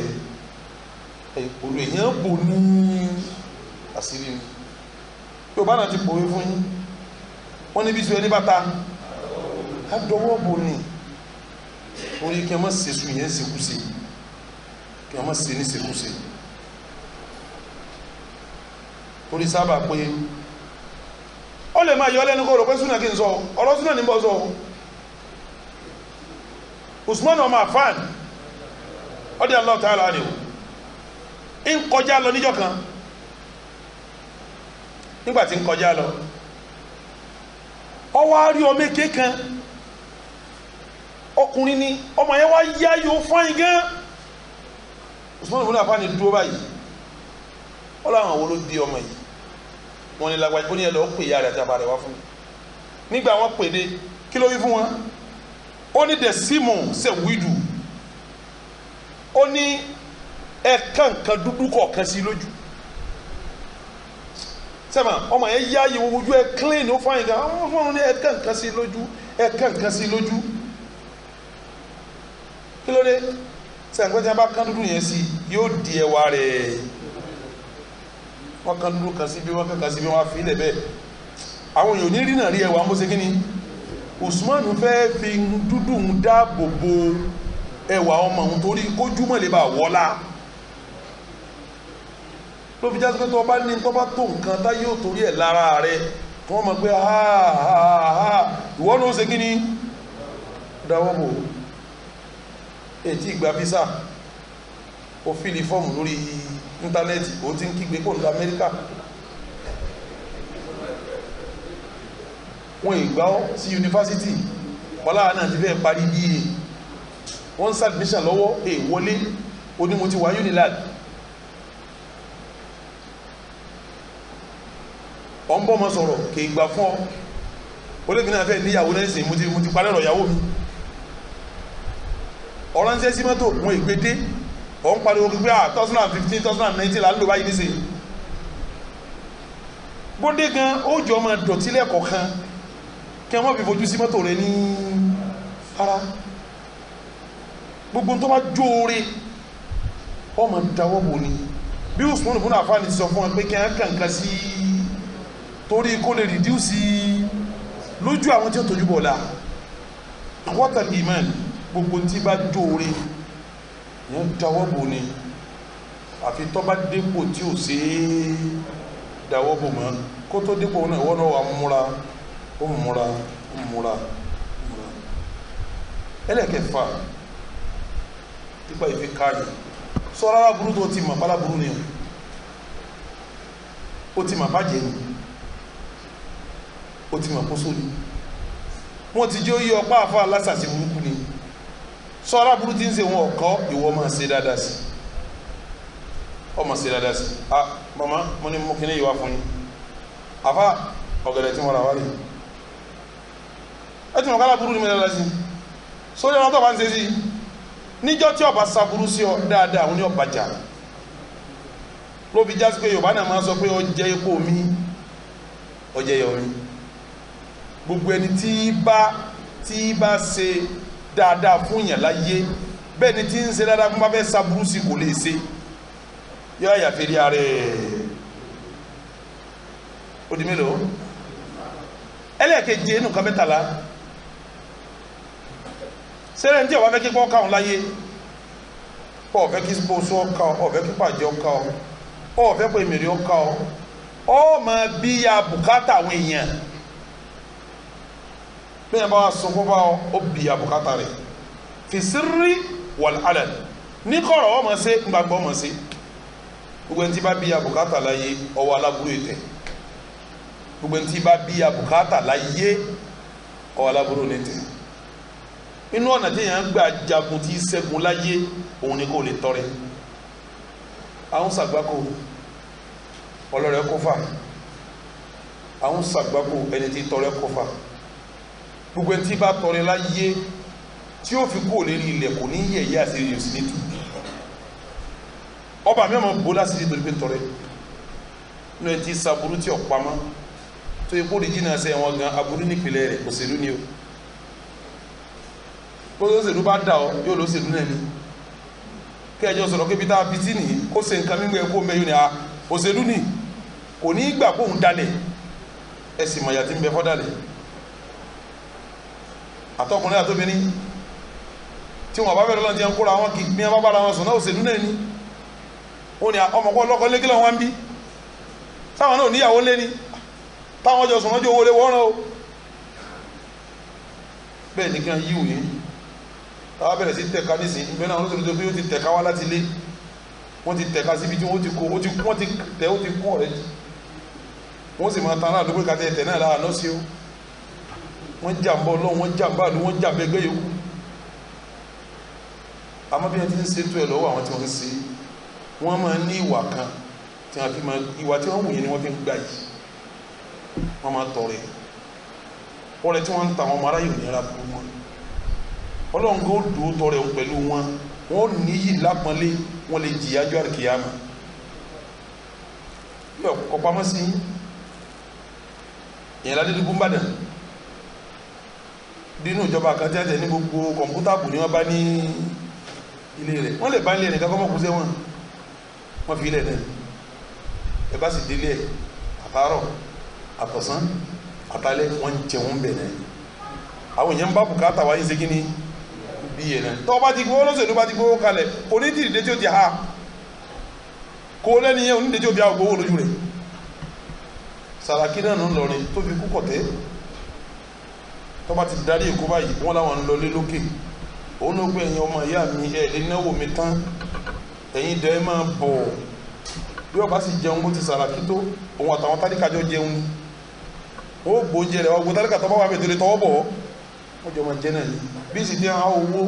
àyè polú ẹ̀ yẹn bò ní àṣírí mi yorùbá náà ti pòwe fún yín wọ́n níbi sọ ẹni bàtà adọwọ́ bò ní orí kí ẹ má ṣe sùn yẹn ṣekúṣe kí ẹ má ṣe ní ṣekúṣe torí sábà pé ó lè máa yọ lẹ́nu kó rò pé súnà kí n sọ ọ̀rọ̀ súnà ní bọ́ sọ Usman ọmọ afan ọdí Allah ta'ala ni o ń kọjá lọ níjọ́ kan nígbà tí ń kọjá lọ ó wá rí ọmọ èké kan ọkùnrin ni ọmọ yẹn wá yá yóò fáyín gan Usman ọmọ afan ni dúró báyìí ó láwọn wo ọmọ yìí wọn ni lágbájá ó ní ẹ lọ pè ìyá rẹ àti bàbá rẹ wá fún mi nígbà wọn pè dé kí ló wí fún wọn ó ní the simon ṣe wíìdù ó ní ẹ kàn kan dúdú kọ̀ọ̀kan sí lójú sẹ́mà ọmọ yẹn yá yìí ojú ẹ clean ó fáyín gan ọmọ fún un ní ẹ kàn kan sí lójú ẹ kàn kan sí lójú kí ló dé sẹ́ǹgbẹ́ tí wọ́n bá kán dúdú yẹn sí yóò di ẹwà rẹ̀ wọ́n kan dúró kan síbi wọ́n kan kan síbi wọ́n á fi ilẹ̀ bẹ́ẹ̀ àwọn èèyàn ní rínà rí ẹwà mọ́sẹ̀ kí ni Usman fẹ́ fi dúdú ń dáàbò bo ẹwà ọmọ òun torí kójúmọ̀ lè bá wọ́lá ló fi jásí pé tó bá ní tó bá tó nǹkan tá yóò torí ẹ̀ lára rẹ̀ tó wọ́n mọ̀ pé ha ha ha ìwọ ló ṣe kí ni dáwọ́ bò ètí ìgbà físà ó fìlì fọ́ọ̀mù lórí yìí íńtánẹ́ẹ̀tì ó ti ń kígbe kó ń lọ amẹ́ríkà wọn ìgbà ọ sí yunifásitì wọlá náà ti fẹ́ parí bí i wọ́n ń sàdìmíṣà lọ́wọ́ èè wọlé onímọ̀ ti wá UNILAG ọ̀ ń bọ́ mọ́ sọ̀rọ̀ kè ìgbà fún ọ olóògbé náà fẹ́ níyàwó náà sì mo ti parẹ́rọ̀ ìyàwó mi ọ̀ránṣẹ́ sí mọ́tò wọn ìgbé dé òun pariwo gbígbé à 2015 2019 là ń lò báyìí nísìnyí bóde gan ó jọ ọmọ dọ̀tí lẹ́ẹ̀kọ̀ kan kí wọ́n fi fojú sí mọ́tò rẹ ní ara gbogbo tó bá jóore ọmọ dáwọ́ bò ní bí Usman ibn Affan ti sọ fún wọn pé kí wọ́n kàn kan sí torí kó lè rìdíùsì lójú àwọn tí ó tójú bọ̀ la àwọn tàbí ìmọ̀ gbogbo tí bá jóore yẹn ń dáwọ́ bò ni àfi tó bá dépò tí ò sí dáwọ́ bò mọ́ kó tó dépò náà ìwọ náà wà múra ó múra ó múra ó múra ẹlẹ́kẹ̀fà nípa ìfi káàyè sọ́ra aláburú tó ti mọ̀ báláburú ni ó ti mọ̀ bàjẹ́ ni ó ti mọ̀ kóso ni wọ́n ti jẹ́ ó yí àfa alásàsì burúkú sọ aláburú ti ń ṣe wọn ọkọ ìwọ máa ṣe dáadáa sí ọmọ ṣe dáadáa sí a ah, mama mo ní mo kí ni ìwà fún yín àfa ọ̀gẹ̀dẹ̀ tí mo rà wálé ẹ ti mọ̀ káláburú ni mo dáadáa sí sórí ọ̀nà tó bá ń ṣe sí níjọ́ tí ọba ṣaburú sí ọ dáadáa àwọn ní ọba jà lóbi jásí pé yorùbá náà máa sọ pé ó jẹ epo mi ó jẹ yọ mi gbogbo ẹni tí bá tí bá ṣe dáadáa fún yàn láyé bẹ́ẹ̀ ni tí ń ṣe dáadáa kó má fẹ́ sábúrú sí kò lè ṣe yọ àyàfẹ́ rí ara ẹ̀ ó di mélòó ẹlẹ́ẹ̀kejì ẹnu kan mẹ́tàlá sẹ́rẹ̀ ń tí ọ̀wá fẹ́ kí pọ́ káwọn láyé pọ́ ọ̀fẹ́ kí bóso ká ọ ọ̀fẹ́ kí pàjọ ká ọ ọ̀fẹ́ pé mèrè ó ká ọ̀ máa bí ya bùkátà àwọn bẹ́ẹ̀ bá sunkún bá ó bì í àbùkátà rẹ̀ fìsírí wàl alẹ̀ ní kọ̀rọ̀ ọmọ ṣe gbàgbọ́ ọmọ ṣe gbogbo ẹni tí bá bí àbùkátà láyé ọwọ́ aláburú ètẹ̀ gbogbo ẹni tí bá bí àbùkátà láyé ọwọ́ aláburú ètẹ̀ inú ọ̀nà tí èèyàn gbà jagun tí ṣẹ́gun láyé òun ni kò lè tọrẹ àwọn sàgbákò ọlọ́rẹ̀ kọfà àwọn sàgbákò ẹni tí tọrẹ kọfà gbogbo ẹni tí bá tọrẹ láyé tí ó fi kó lérí ilẹ̀ kò ní yẹ̀yẹ́ àṣírí yóò sì ní tù ọba mi ọmọ bó láṣírí torí pé tọrẹ nínú ẹni tí sàbúrú tí ọ̀pá mọ́ tó yẹ kó lè jìnnà wọn gan aburú nípìnlẹ̀ rẹ̀ òṣèlú ni o bó ló ṣèlú bá dà ọ yóò ló ṣèlú náà ni kẹjọ sọ̀rọ̀ kébi tá a fi sí nìyí kó ṣe nǹkan mímú ẹ kó mẹ́yìn ni a òṣèlú ni kò ní í gbà kóun dalẹ̀ ẹ sì mọ̀ ń bẹ fọ́dalẹ̀ àtọkùnrin àtobìnrin tí wọn bá bẹ̀rẹ̀ lọ́nà tí wọn kóra wọn kì í bí wọn bá bára wọn sùn náà òṣèlú náà ni ó ní ọmọkọ́ lọ́kọ́ lé kílọ̀ wọn ń bí táwọn náà níyàwó lé ni táwọn jọ sùn wọn jọ owó lé wọ́ọ́rán o bẹ́ẹ̀ ni kí wọn yíwò yẹn táwọn bẹ̀rẹ̀ sí tẹ̀ka nísìnyí ìgbẹ́ náà olóṣèlú tó fi ó ti tẹ̀ka wá láti lé wọ́n ti tẹ̀ka síbi tí wọ́n ti kó wọ́n ti tẹ̀ ó ti kú ọ̀rẹ́ wọ́n sì máa tan aráàlú pé kàtẹ́ tẹ̀ náà lára náà sí o wọ́n jàmbá ọlọ́run wọ́n jàmbá àdúgbò wọ́n jàmbá ẹgbẹ́ yòókù àmọ́ bí wọ́n ti ń ṣètò ẹ̀ lọ́wọ́ àwọn tí wọ́n ń ṣe wọ́n máa ń ní ìwà kan tí wọ́n fi máa ìwà tí wọ́n wù yẹn ni wọ́n fi ń gbà yìí wọ́n máa tọrẹ ọrẹ tí wọ́n ń ta àwọn ọmọ aráyè òyìnbá fún wọn ọlọ́run kò dùn tọrẹ òun pẹ̀lú wọn wọn ò níyì lápọ́nlé wọn lè jìyà jọ àríkìyàmà yọ sí yẹn ládé dúgbò ń bàdàn nínú ìjọba kan tí wọ́n tẹ̀ ní gbogbo kọ̀ǹpútà kù ni wọ́n bá ní ilé rẹ̀ wọ́n lè bá ilé ẹnìkan kọ́mọ́ kú sẹ́wọ̀n wọ́n fi ilé rẹ̀ ẹ bá sì délé ẹ̀ àtàárọ̀ àtọ̀sán àtàlẹ́ wọ́n ń jẹun bẹ̀ náà àwọn èèyàn ń bá bùkátà wáyé ṣe kí ni bí yẹn náà bá ti gbowó lọ́sẹ̀ ló bá ti gbowó kalẹ̀ onídìrídé tí ó ti tọ́ba ti darí èkó báyìí wọ́n láwọn ń lọlé lókè òun ló gbé ẹ̀yin ọmọ ìyá mi ẹ̀ lè náwó mi tán ẹ̀yin dẹ́ máa bọ̀ bí ọba sì jẹun bó ti sàràkí tó òun àtàwọn tálíkàjọ jẹun ó gbóúnjẹ rẹ̀ ọgbó tálíkà tọ́ bá wà mẹ́tòlé tọwọ́ bọ̀ wọ́n jọ máa jẹ náà ni bí sì ti hàn owó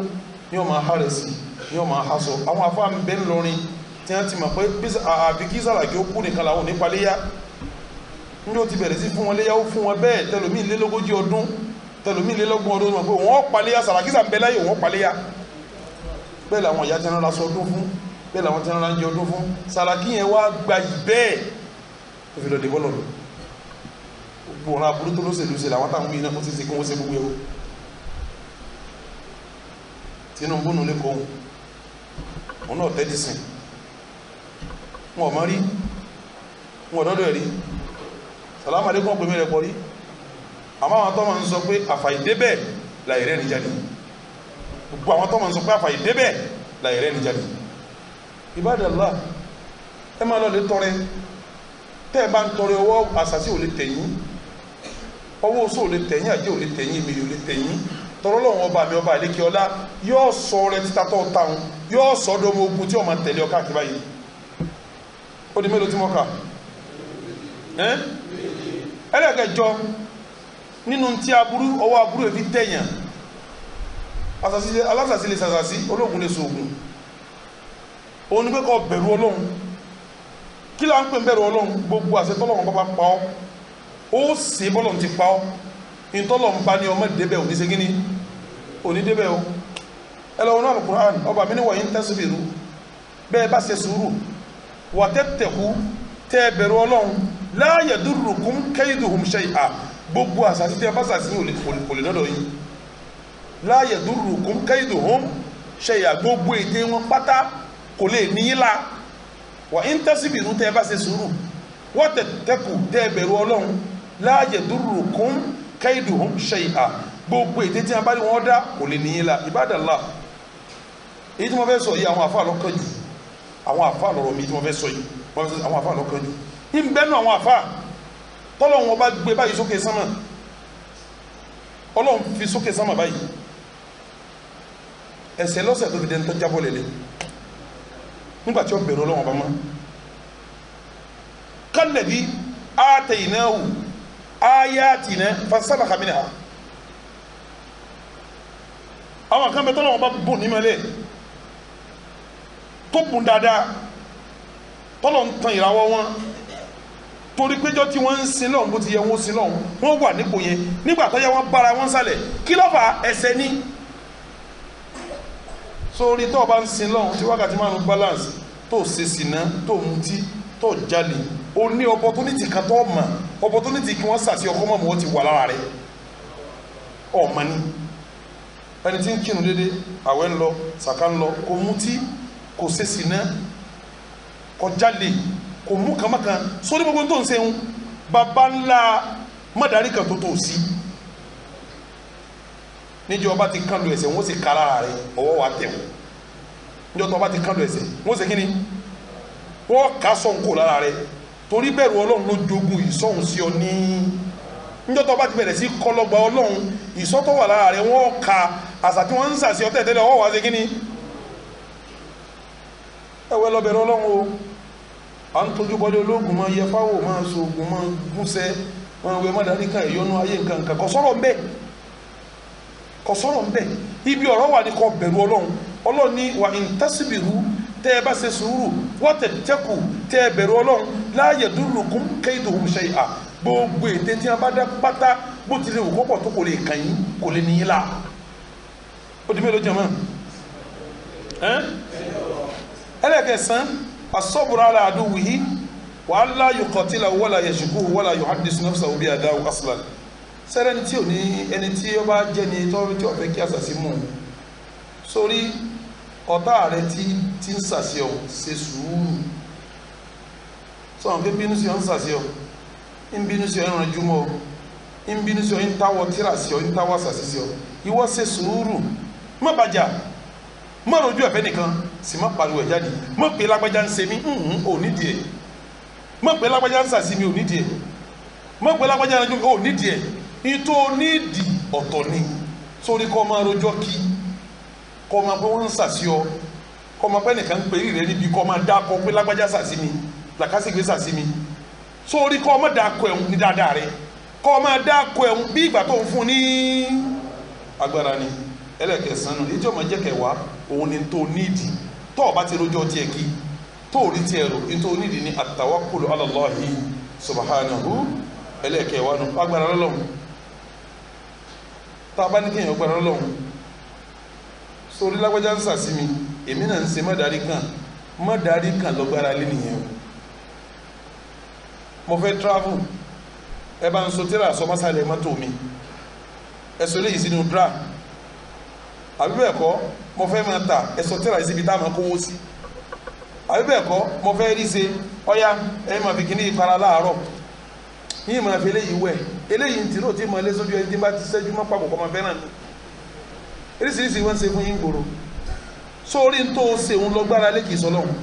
ní ọmọ ahá rẹ̀ sí ní ọmọ ahá sọ àwọn afáà ń bẹ tí wọ́n ti mọ̀ pé àbí kí sàràkí ó kú nìkan làwọn ò ní paléyà ní ti bẹ̀rẹ̀ sí fún wọn léyàwó fún wọn bẹ́ẹ̀ tẹlomi lélógójì ọdún tẹlomi lélọ́gbọ̀n ọdún mọ̀ pé wọ́n paléyà sàràkísà ń bẹ láyé wọ́n paléyà bẹ́ẹ̀ làwọn ìyá tí wọ́n ra sọ ọdún fún bẹ́ẹ̀ làwọn tí wọ́n ra ń jẹ ọdún fún sàràkí yẹn wá gba yìí bẹ́ẹ̀ tó fi lọ dé bọ́lọ̀ lọ gbogbo ọ̀rọ̀ aburú tó lóṣèlú ṣe làwọn táwọn yìí náà kó ti ṣe kó wọ́n ṣe gbogbo ẹ̀rọ Tinubu nù lẹ́kọ̀ọ́ òun náà tẹ́tí sìn wọn ò mọ rí wọn ò dọ́dọ̀ ẹ̀ rí sàlámàlẹ́kùn ọ̀pẹ̀mẹ́rẹ̀ kọ́ rí àmọ́ àwọn tó máa ń sọ pé àfàìdé bẹ́ẹ̀ láì rẹ́ ní jáde gbogbo àwọn tó máa ń sọ pé àfàìdé bẹ́ẹ̀ láì rẹ́ ní jáde ìbádàlá ẹ máa lọ lè tọrẹ tẹ́ ẹ bá ń tọrẹ ọwọ́ àṣàṣì ò lè tẹ̀yìn ọwọ́ oṣù ò lè tẹ̀yìn àjẹ́ ò lè tẹ̀yìn èmi ò lè tẹ̀yìn tọrọ lọ́wọ́ ọba mi ọba àlékè ọlá yóò sọ rẹ títa tó táwọn yóò sọ ọdọmọ ogun tí ọmọ tẹ̀lé ọkà àti báyìí ó di mélòó tí mo kà ẹ́ ẹlẹ́gẹ̀jọ nínú tí aburú ọwọ́ aburú èfi tẹ̀yàn alásàsí lè sàsàsí ológun lè sògùn òun ni pé kó bẹ̀rù ọlọ́run kí là ń pè ń bẹ̀rù ọlọ́run gbogbo àṣẹ tọ́lọ́run bá pa ọ́ ó ṣe bọ́lọ́run ti pa ọ́ ìtọ́lọ̀ ń bá ní ọmọ ìdébẹ̀ òní segin ní onídébẹ̀ o ẹlọ́run náà Al-Qur'an ọba mi ní wọ̀nyí ń tẹ́sùbìrú bẹ́ẹ̀ bá ṣe sùúrù wà tẹ́tẹ̀kú tẹ́ bẹ̀rù ọlọ́run la yadurrukum kayduhum shay'a gbogbo àṣàṣì tẹ́ bá ṣàṣì kò lè lọ́dọ̀ yìí láàyè dúró kún kẹ́hìndò hóm ṣẹ̀yà gbogbo ète wọn pátá kò lè níyìn la wà ń tẹ́síbì nù tẹ́ bá ṣe sùúrù wọ́n tẹ̀ tẹ́kù tẹ́ bẹ̀rù ọlọ́run láàyè dúró kún kẹ́hìndò hóm ṣẹ̀yà gbogbo ète tí wọn bá rí wọn dá kò lè níyìn la ìbádàlá èyí tí wọn fẹ́ sọ yìí àwọn àfa lọ́kàn jù àwọn àfa lọ́rọ̀ mi tí wọn fẹ́ sọ yìí àwọn àfa lọ́kàn jù ń bẹ́nu àwọn àfa tọ́lọ́run ọba gbé báyìí sókè sánmà ọlọ́run fi sókè sánmà báyìí ẹsẹ̀ lọ́sẹ̀ tó fi dẹni tó jábọ̀ lẹ́lẹ̀ nígbà tí ó bẹ̀rù ọlọ́run ọba mọ́ kálẹ̀dí àtẹ̀yìnáwó ayatina fasalaka minha àwọn kan bẹ tọ́lọ́run ọba bùn nímọ̀lẹ́ tó bùn dáadáa tọ́lọ́run tan ìràwọ̀ wọn torí péjọ tí wọ́n ń sin lọ́hùn bó ti yẹ wọ́n sin lọ́hùn wọ́n wà nípò yẹn nígbà tó yẹ wọ́n bára wọn sálẹ̀ kí ló fà ẹsẹ̀ ní. sórí tó o bá ń sin lọ́hùn tí wákàtí márùn balance tó o ṣe sìnà tó o mutí tó o jalè o ní opportunity kan tó o mọ̀ opportunity kí wọ́n sàṣì ọkọ mọ̀ wọ́n ti wà lára rẹ̀ ọ̀mọ ni ẹni tí ń kírun déédéé àwẹ̀ ń lọ sàkà ń lọ kò mutí kò ṣe sìnà kò jalè kò mú kàmákan sórí gbogbo tó ń ṣe ń bàbá ńlá mọ́dárí kan tó tó sí níjọ́ ọba ti kán lu ẹsẹ̀ wọ́n sì kára rẹ̀ ọwọ́ wa tẹ̀ wọ́n níjọ́ tó ọba ti kán lu ẹsẹ̀ wọ́n sì kíni wọ́n kà sọ̀hún kò lára rẹ̀ torí bẹ̀rù ọlọ́run ló jogun ìsọ̀hún sí ọ ní níjọ́ tó ọba ti bẹ̀rẹ̀ sí kọlọ́gba ọlọ́run ìsọ́tọ̀ wà lára rẹ̀ wọ́n ka àṣà tí wọ́n ń sàṣeyọ́ tẹ̀tẹ̀lẹ̀ ọwọ́ wa ṣe kíni ẹ̀wẹ̀ lọ ọlọ́run o à ń tójú bọ́lé ológun máa yẹ fáwò máa so oògùn máa gúnṣẹ́ wọn ìwé mọ́dàrí kan ìyọnu ayé nǹkan nǹkan kò sọ̀rọ̀ ń bẹ̀ kò sọ̀rọ̀ ń bẹ̀ ibi ọ̀rọ̀ wà ní kò bẹ̀rù ọlọ́run ọlọ́run ní wà ń tásìbìrú tẹ́ ẹ bá ṣe sùúrù wọ́tẹ̀ tẹ́kù tẹ́ ẹ bẹ̀rù ọlọ́run láàyè dúrùkún kéèdùn ṣe à gbogbo ète tí a bá dá pátá bó ti lè wò kọ́pọ̀ tó kò lè kàn yín kò lè níyìn la ó di mélòó jẹ̀mọ́ ẹlẹ́kẹ̀sán asọ́bùrọ̀ àlà àdúwìhí wàá lá yòkọ̀tìlà wọ́là yẹ̀ṣùkú wọ́là yòhádìsí nọ́fṣà òbí àdáwò aslan sẹ́rẹ́ni tí ò ní ẹni tí ó bá jẹ́ ni tọ́rọ tí ọ̀fẹ́ kí àṣàṣì mú un sórí ọ̀tá rẹ tí tí ń ṣàṣì ọ̀ ṣe sùúrù sọ̀rọ̀ pé bínú sí ọ̀ ń ṣàṣì ọ̀ ń bínú sí ọ̀ ń ranjú mọ́ ọ̀ ń bínú sí ọ̀ ń táwọ̀ tíra sí ọ̀ ń táwọ̀ àṣàṣì sí ọ̀ ìwọ ṣe sùúrù má bàjá má rojú ẹ̀fẹ́ nìkan sì má pariwo ẹ̀ jáde mọ̀ pé lágbájá ń ṣe mí ò nídìí ẹ̀ mọ̀ pé lágbájá ń sàṣì mi ò nídìí ẹ̀ mọ̀ pé lágbájá ń ránjú mi ò nídìí ẹ̀ ìtò nídìí ọ̀tọ̀ ni sórí kọ́ máa rojọ́ kí kọ́ máa pé wọ́n ń sàṣì ọ kọ́ máa pé nìkan ń pè rí rẹ níbi kọ́ máa dákọ̀ pé lágbájá sàṣì mi làkàṣègbè sàṣì mi sórí kọ́ máa dákọ̀ ẹ̀hún ní dáadáa rẹ kọ́ máa dákọ̀ ẹ̀hún bí ìgbà tó ń fún ní agbára ni ẹlẹ́kẹ̀sán nù ìjọba jẹ́kẹ̀wá òun ni tó nídìí tó o bá ti rojọ́ tiẹ̀ kí tó o rí tiẹ̀ rò ètò onídìí ní àtàwákùlù alàlọ́hì subhanahu ẹlẹ́ẹ̀kẹwàá nù agbára lọ́lọ́hùn tá a bá ní kéèyàn agbára lọ́lọ́hùn sórí lágbájá ń sàsí mi èmi náà ń ṣe má darí kan má darí kan lọ́gbára lé nìyẹn o mo fẹ́ travel ẹ bá ń so tíra sọmọ́sálẹ̀ mọ́tò mi ẹ sọ léyìí sínú dra àbí bẹ́ẹ̀ kọ́ mo fẹ́ máa ta ẹ̀sọ́ tẹ́lá síbi tá a máa kówó sí àbí bẹ́ẹ̀ kọ́ mo fẹ́ rí ṣe ọ̀yá ẹ̀yìn máa fi kíní ìpara láàárọ̀ yìí máa fi eléyìí wẹ̀ eléyìí ti rò tí mo lé sójú ẹni tí bá ti sẹ́jú mọ́ papọ̀ kọ́ máa fẹ́ràn mi oríṣiríṣi wọ́n ń ṣe fún yín gbòòrò sórí ń tó o ṣe òun lọ́gbára lé kì í sọlọ́hún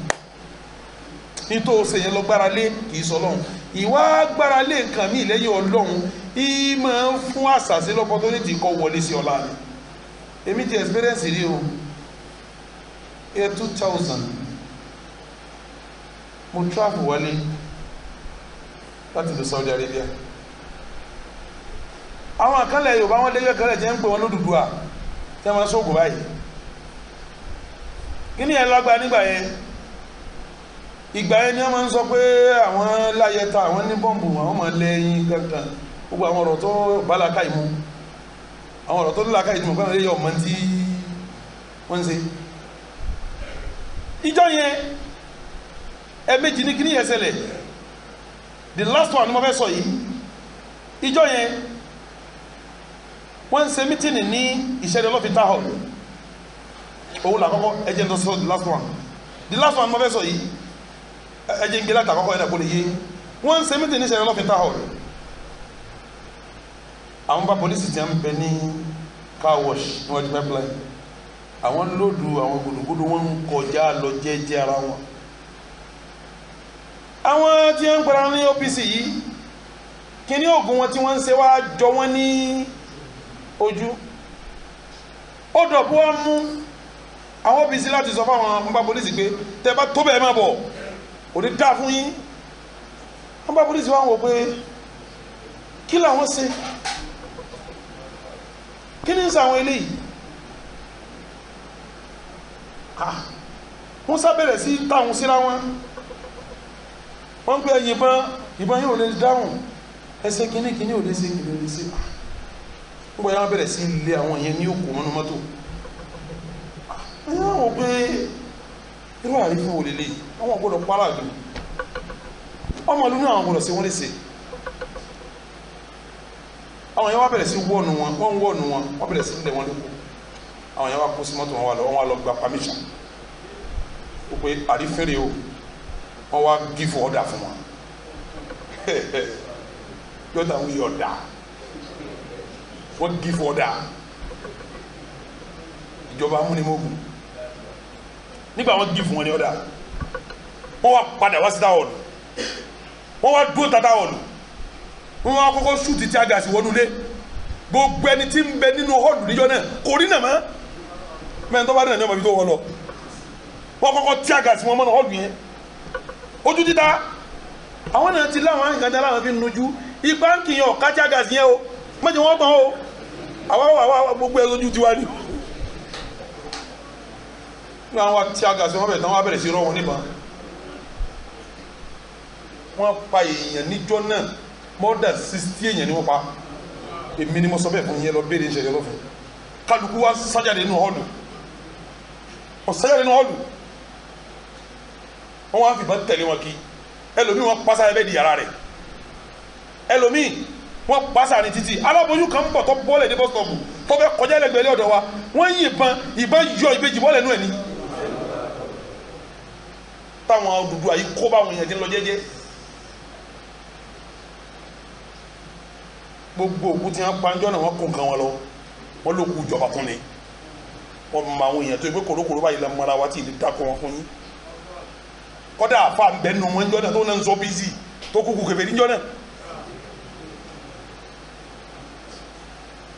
ní tó o ṣe yẹn lọ́gbára lé kì í sọlọ́hún ìwà gbára lé nǹkan mi lẹ́yìn ọlọ́hún yìí fún àṣàṣe lọ́pọ̀ tó ní ti kọ́ wọlé sí ọlá rẹ̀ èmi ti experience rí o year two thousand mo travel wọlé láti lọ Saudi Arabia àwọn àkànlẹ̀ Yorùbá wọn déjọ́ kẹlẹ̀ jẹ́ ń pè wọn lódùdúà tẹ́ wọn sóògùn báyìí kí ni ẹ lọ́gba nígbà yẹn ìgbà yẹn ni wọ́n máa ń sọ pé àwọn láyẹta àwọn ní bọ́ǹbù àwọn máa àwọn ọ̀rọ̀ tó ń làákàyè tí mo gbọ́n lè yọ ọmọ tí wọ́n ń ṣe ìjọ yẹn ẹ̀ẹ̀mejì ní kíní yẹn the last one ni mo fẹ́ sọ yìí ìjọ yẹn wọ́n ń ṣe mítìnì ní ìṣẹ̀lẹ̀ lọ́fíìtà hall òun là kọ́kọ́ ń tọ́ the last one the last one mo fẹ́ sọ yìí ẹ̀jẹ̀ ń gé látà kọ́kọ́ ẹ̀ àwọn bá polisi ti ń bẹ ní car wash níwájú pipeline àwọn lòdù àwọn gbòdògbòdò wọn ń kọjá lọ jẹ́jẹ́ ara wọn àwọn tí wọ́n ń gbára ní OPC yìí kíní oògùn wọn tí wọ́n ń ṣe wá jọ wọ́n ní ojú ó dọ̀bú wọn mú àwọn OPC láti sọ fún àwọn bá polisi pé tẹ bá tó bẹ́ẹ̀ má bọ̀ òní dáa fún yín wọ́n bá polisi wọn wò pé kí làwọn ṣe kí ni ń sọ àwọn eléyìí ah, wọ́n sábẹ̀rẹ̀ sí táwọn síra wọn wọ́n pé ìbọn ìbọn yìí ò lè dáhùn ẹsẹ̀ kínní kínní ò lè ṣe kínní ò lè ṣe wọ́n bẹ̀rẹ̀ wọ́n bẹ̀rẹ̀ sí ilé àwọn yẹn ní òkú mọ́nú mọ́tò ah, ẹ̀yìn àwọn pé irú àrífín wò lélẹ̀ àwọn gbọ́dọ̀ pàrọ̀ àgbẹ̀ ọmọ ìlú àwọn gbọ́dọ̀ sí wọ́n lè ṣe àwọn yẹn wá bẹ̀rẹ̀ sí wọ́ọ̀nù wọn wọ́n ń wọ́ọ̀nù wọn wọ́n bẹ̀rẹ̀ sí ń lẹ̀ wọn lóko àwọn yẹn wá kó sí mọ́tò wọn wà lọ wọn wá lọ gba permission ó pé àrífẹ́rẹ́ o wọ́n wá give order fún wọn yọ̀dà wí ọ̀dà wọ́n give order ìjọba amúnimógún nígbà wọn give wọn ní order wọ́n wá padà wá sí táwọn ọ̀nù wọ́n wá dúró tata ọ̀nù wọn wá kọ́kọ́ ṣùtì tí a gà sí wọnú ilé gbogbo ẹni tí ń bẹ nínú hall níjọ náà kò rí nàmá mẹ́rin tó bá rí nàmá ibi tó wọ lọ wọn kọ́kọ́ tí a gà sí wọn mọ́nà hall yẹn ojú títa àwọn náà ti láwọn àǹkàndá láwọn fi nujú ibà ń kìyàn ọ̀ká tí a gà sí yẹn o mẹ́jọ wọn gbọ́n o àwa àwa gbogbo ẹ lójú tiwa ni ní àwọn tí a gà sí wọn bẹ̀rẹ̀ tán wọn bẹ̀rẹ̀ sí rọ wọn níbọn wọn pa èèyàn níjọ náà more than sixty èèyàn ni wọ́n pa èmi ni mo sọ bẹ́ẹ̀ fún yín lọ béèrè ìṣẹ̀lẹ̀ ọlọ́fun kálukú wa sájàde nínú họ́ọ̀lù ọ̀sájàde nínú họ́ọ̀lù wọ́n wá fìbọn tẹ̀lé wọn kí ẹlòmíì wọ́n pásá ẹbẹ́ di yàrá rẹ̀ ẹlòmíì wọ́n pásá ní títì aláboyún kan ń bọ̀ tó bọ́ọ̀lù ní bọ́sítọ̀pù tó fẹ́ kọjá ẹlẹgbẹ̀lẹ́ ọ̀dọ̀ wa wọ́n yìnbọn ìbọn yọ ìbejì bọ́ọ̀lù ẹnu ẹ̀ ní táwọn dúdú àyíkó báwọn èèyàn ti lọ jẹ́jẹ́ gbogbo òkú tí wọ́n pa ń jọ́nà wọ́n kó nǹkan wọn lọ wọ́n ló kú jọba kún ni wọ́n mọ àwọn èèyàn tó yẹ pé kòrókòró báyìí la mọ́ra wa tí ìlú dákọ̀ wọn fún yín kọ́dà àfa ń bẹ́ nu wọn jọ́nà tó náà ń sọ bízì tó kúkú kẹfẹ́ níjọ́ náà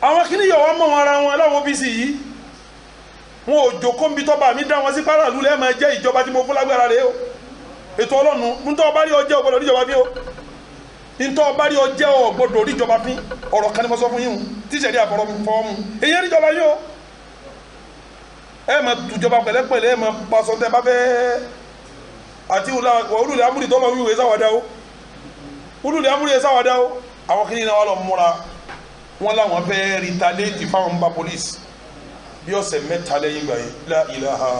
àwọn kìíní yọ̀ wọ́n mọ̀ ara wọn aláwọ̀ bízì yìí wọn ò jòkó ń bi mi dá wọn sí páràlú lẹ́ẹ̀ máa ìjọba tí mo fún lágbára rẹ o ètò ọlọ́run ń tọ́ ọ bá rí ọjọ́ ọgbọ́dọ̀ níjọba bí ntọ́ ọba rí ọjẹ́ ọ̀gbọ́dọ̀ oríjọba fín ọ̀rọ̀ kan ní mo sọ fún yín o tíṣẹ̀rí àfọwọ́ mu èyí ẹ̀ríjọba yín o ẹ máa tùjọba pẹ̀lẹ́pẹ̀lẹ́ ẹ máa paṣọ tẹ bá fẹ́ẹ́ àti olùlẹ̀ amúlì tọ́lọ̀ wíwèé sáwàdá o olùlẹ̀ amúlì yẹn sáwàdá o àwọn kìíní náà wà lọ múra wọn làwọn fẹ́ẹ́ retaliate fáwọn bá police bí ọ̀sẹ̀ mẹ́ta lẹ́yìn gbà yẹn la ilaha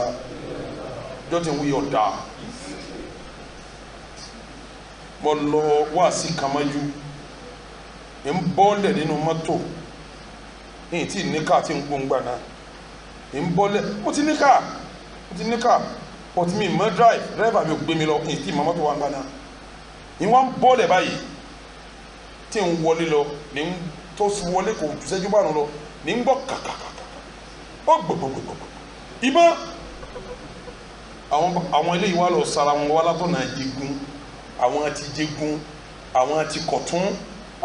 jọ́tẹ̀ wíyọ̀ dáa. mo lọ sí kàmájú ń bọ́lẹ̀ nínú mọ́tò ní tí tí ń gbóngbà náà ń bọ́lẹ̀ mo ti níkà mo ti but mi drive driver mi ò gbé mi lọ tí mọ́tò wà ń bá náà ní wọ́n ń bọ́lẹ̀ báyìí tí ń lọ ní tó wọlé kò lọ ní ń gbọ́ kàkàkàkà ó gbogbogbò ìbọn àwọn ilé lọ sara wọn àwọn ti jẹgun àwọn ti kọ̀tún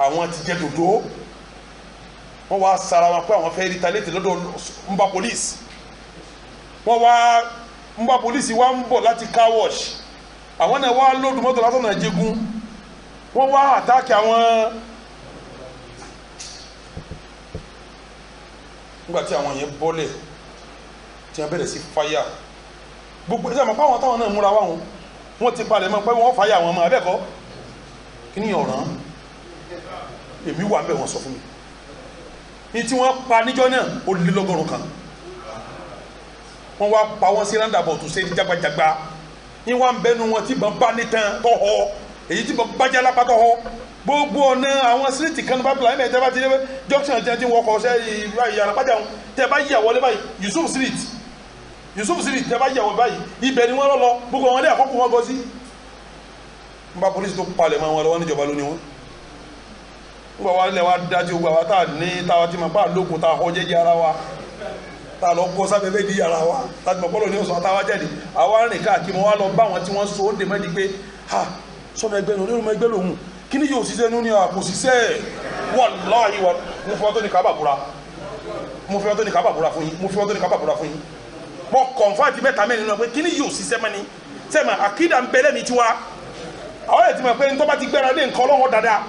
àwọn ti jẹ dòdò wọ́n wá sara wọn pé àwọn fẹ́ retaliate lọ́dọ̀ nba police wọ́n wá nba police wá ń bọ̀ láti car wash àwọn náà wá lóòdù mọ́tò látọ̀nà jẹgun wọ́n wá àtàkì àwọn nígbà tí àwọn yẹn bọ́lẹ̀ tí wọ́n bẹ̀rẹ̀ sí fáyà gbogbo ẹ̀ sẹ́ àmọ́ pé àwọn táwọn náà múra wá wọ́n ti palẹ̀ mọ́ pé wọ́n fàyà wọn mọ́ abẹ́kọ́ kí ni ọ̀ràn èmi wà bẹ́ẹ̀ sọ fún mi ní tí wọ́n pa níjọ́ náà ó lé lọ́gọ́rùn kan wọ́n wá pa wọ́n sí roundabout tó ṣe ní jagbajagba ní wọ́n bẹnu wọn tí bọ́n bá ní tán tọ́họ́ èyí tí bọ́n bájá lápá tọ́họ́ gbogbo ọ̀nà àwọn síríìtì kan bá bìláyìn mẹ́tẹ́ bá ti dé junction jẹ́ ti wọkọ̀ ṣẹ́ ìyàrá pàjáwò tẹ́ bá yíyà wọlé báyìí Yusuf street Yusuf Sirri ìjọba yẹ̀wò báyìí ibẹ̀ ni wọ́n lọ lọ gbogbo wọn lé àkókò wọn bọ́ sí n bá polisi tó palẹ̀ mọ́ wọn lọ́wọ́ níjọba lónìí wọn n bá wa lẹ̀ wa dájú gbogbo àwa tá a ní táwa ti mọ̀ bá a lókun tá a họ́ jẹ́jẹ́ ara wa tá a lọ kọ́ sábẹ́bẹ́ di ara wa tá a ti mọ̀ bọ́lọ̀ ní ọ̀sán àtàwa jáde àwa rìn káàkiri wọn wá lọ bá wọn tí wọ́n so ó dè mẹ́di pé ha sọmọ ẹgbẹ́ ní onírúurú ẹgbẹ́ lòun kí ni yóò ṣiṣẹ́ nínú àpò ṣiṣẹ́ wàláhì wà mo fi wọn tó ní kábàbúra mo fi wọn tó ní kábàbúra fún yín mo fi wọn tó mo kọ̀nfà àti mẹ́ta mẹ́rin náà pé kíní yóò ṣiṣẹ́ mẹ́ni sẹ́mi àkídà ń bẹ́lẹ̀ mi tiwa àwọn ètò ìmọ̀ pé ní tó bá ti gbẹ́ra lé nǹkan ọlọ́wọ́ dáadáa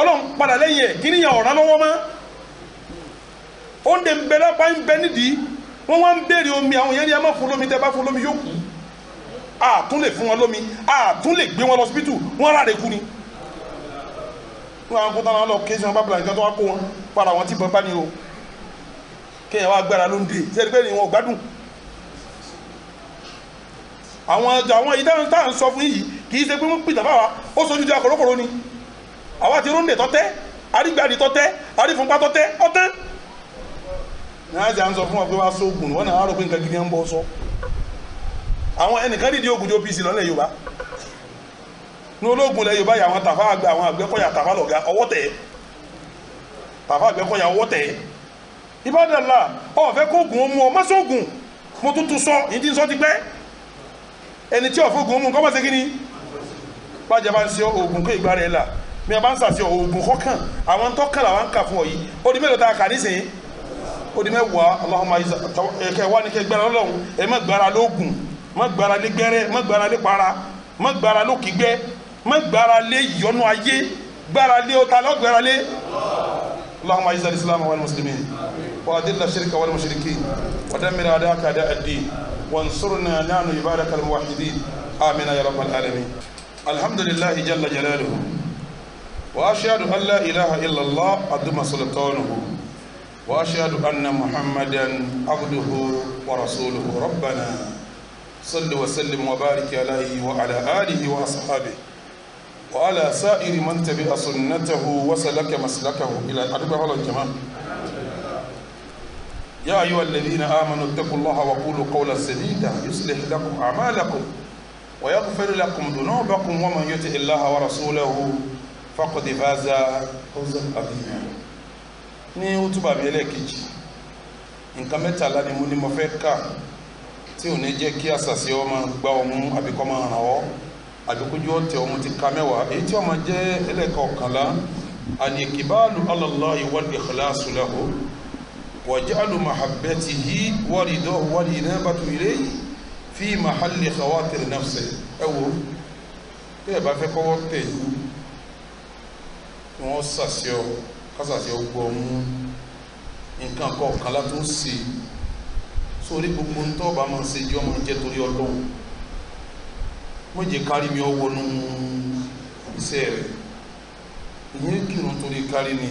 ọlọ́run padà lẹ́yìn ẹ̀ kíní yẹn ọ̀ràn lọ́wọ́ mọ́ ó ń de ń bẹ lápá ń bẹ nídìí wọ́n wá ń béèrè omi àwọn yẹn ní ẹ má fún lómi tẹ́ bá fún lómi yóò kú àtún lè fún wọn lómi àtún lè gbé wọn lọ síbítù wọn ráre kú ni wọn àwọn kó táwọn lọ kéésì wọn bá bìlà nǹkan tó wá kó wọn para wọn tí bọ́n bá ní o. kéèyàn wá gbára ló ń de ṣé ẹgbẹ́ ni wọn gbádùn àwọn ọjà àwọn ìdáhùn tá à ń sọ fún yìí kì í ṣe pé wọ́n pè tàbá wa ó sojú di akọ̀rọ̀kọ̀rọ̀ ni àwa ti róńdè tọ́tẹ́ arígbàdì tọ́tẹ́ arífúnpá tọ́tẹ́ ya ní à ń sọ fún wa pé wá sóògùn wọn náà wá rò pé nǹkan gidi ń bọ́ sọ àwọn ẹnìkan tó lọ́lẹ̀ Yorùbá ní ológun lẹ Yorùbá yà ìbádàlá ọ̀fẹ́ kóògùn ó mú ọ mọ́sọ̀gùn mo tún tún sọ ìdí sọ ti pẹ́ ẹni tí ọ̀fọ́gùn ó mú kọ́mọ̀ sí kí ni bájẹ́ bá ń ṣe oògùn kó ìgbà rẹ̀ là mi bá ń sàṣe oògùn kọ́kàn àwọn tó kàn làwọn ń kà fún ọ yìí ó di mélòó tá a kà nísìnyí ó di mẹ́wàá Allahumma ẹ̀kẹ́ wá ní kẹ́ gbára lọ́lọ́run ẹ̀ má gbára lóògùn má gbára lé gbẹ́rẹ́ má gbára lé para má gbára lókìgbẹ́ má gbára lé ìyọnu ayé gbára lé ọta lọ́gbára lé Allahumma izzal islam wal muslimin. وأذل الشرك والمشركين ودمر أعداءك أعداء الدين وانصرنا نحن عبادك الموحدين آمين يا رب العالمين الحمد لله جل جلاله وأشهد أن لا إله إلا الله عظم سلطانه وأشهد أن محمدا عبده ورسوله ربنا صل وسلم وبارك عليه وعلى آله وأصحابه وعلى سائر من تبع سنته وسلك مسلكه إلى أربع الجماعة يا أيها الذين آمنوا اتقوا الله وقولوا قولا سديدا يصلح لكم أعمالكم ويغفر لكم ذنوبكم ومن يطع الله ورسوله فقد فاز فوزا عظيما ní útúbà mi ẹlẹ́ẹ̀kejì nǹkan mẹ́tàlá ni mo ní mo fẹ́ kà tí ò ní jẹ́ kí àṣàṣe ọmọ gba ọmú àbíkọ́ máa ràn ọ́ àbíkójú ọ̀tẹ̀ ọmọ ti ka mẹ́wàá èyí tí ọmọ jẹ́ ẹlẹ́ẹ̀kọ̀ọ̀kànlá àlèkìbáàlù alàlá ìwádìí ìkìlá àṣùlẹ̀ ọ̀hún وجعل محبته ورضاه والإنابة إليه في محل خواطر نفسه أو tẹ́ ẹ bá fẹ́ kọ́wọ́ tẹ̀ kí wọ́n sàṣẹ ọ kásàṣẹ ọgbọ ọmú nǹkan kọ̀ọ̀kan látó ń ṣe sórí gbogbo ntọ́ bá máa ṣe jẹ́ ọmọ jẹ́ torí ọlọ́run mo jẹ́ kárí mi ọ wọnú iṣẹ́ rẹ̀ ìyẹn kírun torí kárí ni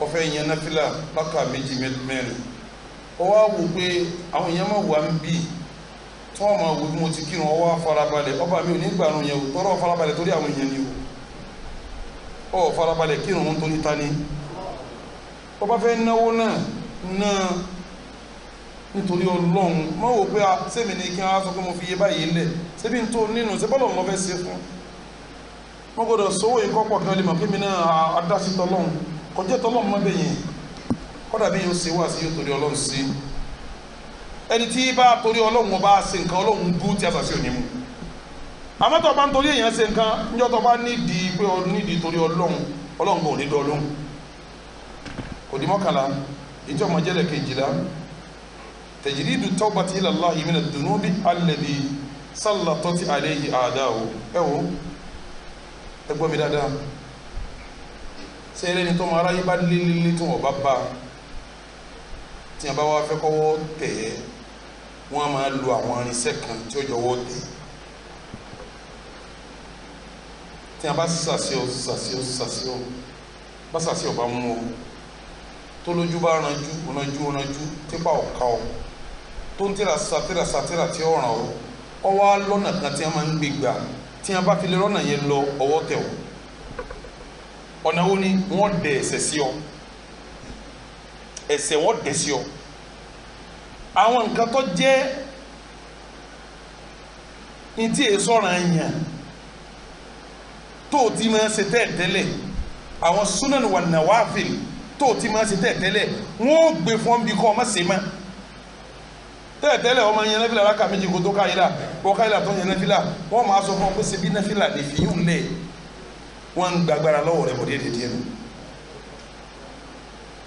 ó fẹ́ yan náfìlà rákà méjì mẹ́rin ó wá wò pé àwọn èèyàn máa wà ń bì tí wọ́n máa wò bí mo ti kírun ó wá farabalẹ̀ ọba mi ò ní gbàrún yẹn o tọ́rọ farabalẹ̀ torí àwọn èèyàn ni o ó farabalẹ̀ kírun ń torí ta ni ó bá fẹ́ náwó náà náà nítorí ọlọ́run má wò pé sẹ́mi ah, ni kí wọ́n sọ pé mo fi yé báyìí lẹ̀ sẹ́mi ń tó nínú sẹ́mi bọ́lọ̀ mo fẹ́ ṣe fún wọ́n gbọ́dọ̀ sówó ìkọ́pọ̀ kan lè mọ̀ kí mi náà ah, adásítọ́ lọ́hùn kọjá tọ́lọ́ mọ́ bẹ́ẹ̀ kọ́dà bí yóò wá sí yóò torí ọlọ́run sí ẹni tí bá torí ọlọ́run ọba ṣe nǹkan ọlọ́run bú tí a sàṣẹ òní mu àmọ́ tó o bá ń torí èèyàn ṣe nǹkan níjọ́ tó o bá nídìí pé o nídìí torí ọlọ́run ọlọ́run kò ní dọ́ kò mọ́kànlá ìjọ ọmọ jẹ́lẹ̀ kejìlá tẹ́lẹ̀ ní tọ́mọ aráyé bá lélẹ́lẹ́ tí wọ́n bá bá tí wọ́n bá wá fẹ́ kọ́wọ́ tẹ̀ ẹ́ wọ́n á máa lo àwọn irinṣẹ́ kan tí ó jọwọ́ tẹ̀ tí wọ́n bá sàṣeyọ sàṣeyọ sàṣeyọ bá sàṣeyọ bá mú o tó lójú bá ranjú ranjú ranjú tipa ọ̀ka o tó ń tẹ̀ra sátẹ̀ra sátẹ̀ra tí ó ràn o ọwọ́ á lọ́nà kan tí wọ́n máa ń gbégbá tí wọ́n bá fi lè rọ́nà yẹn lọ ọwọ́ tẹ̀ o ọ̀nà wo ni wọ́n dẹ̀ ẹ̀ṣẹ̀ sí ọ ẹ̀ṣẹ̀ wọ́n dẹ̀ sí ọ àwọn nǹkan tó jẹ́ ntí èso ọ̀ràn yàn tó o ti máa ṣe tẹ́ẹ̀tẹ́lẹ̀ àwọn sunan wà nàwáfìlì tó o ti máa ṣe tẹ́ẹ̀tẹ́lẹ̀ wọ́n ó gbé fún ọmọbi kọ́ ọmọ ṣe máa tẹ́ẹ̀tẹ́lẹ̀ ọmọ yẹn nẹ́fìlà alákà méjì kó tó káyìlà bọ́ tó yẹn nẹ́fìlà wọ́n máa sọ fún ọ pé ṣe bí lè fi yún lẹ́ẹ̀ wọ́n ń gbàgbára lọ́wọ́ rẹ̀ bọ̀dé dídí ẹnu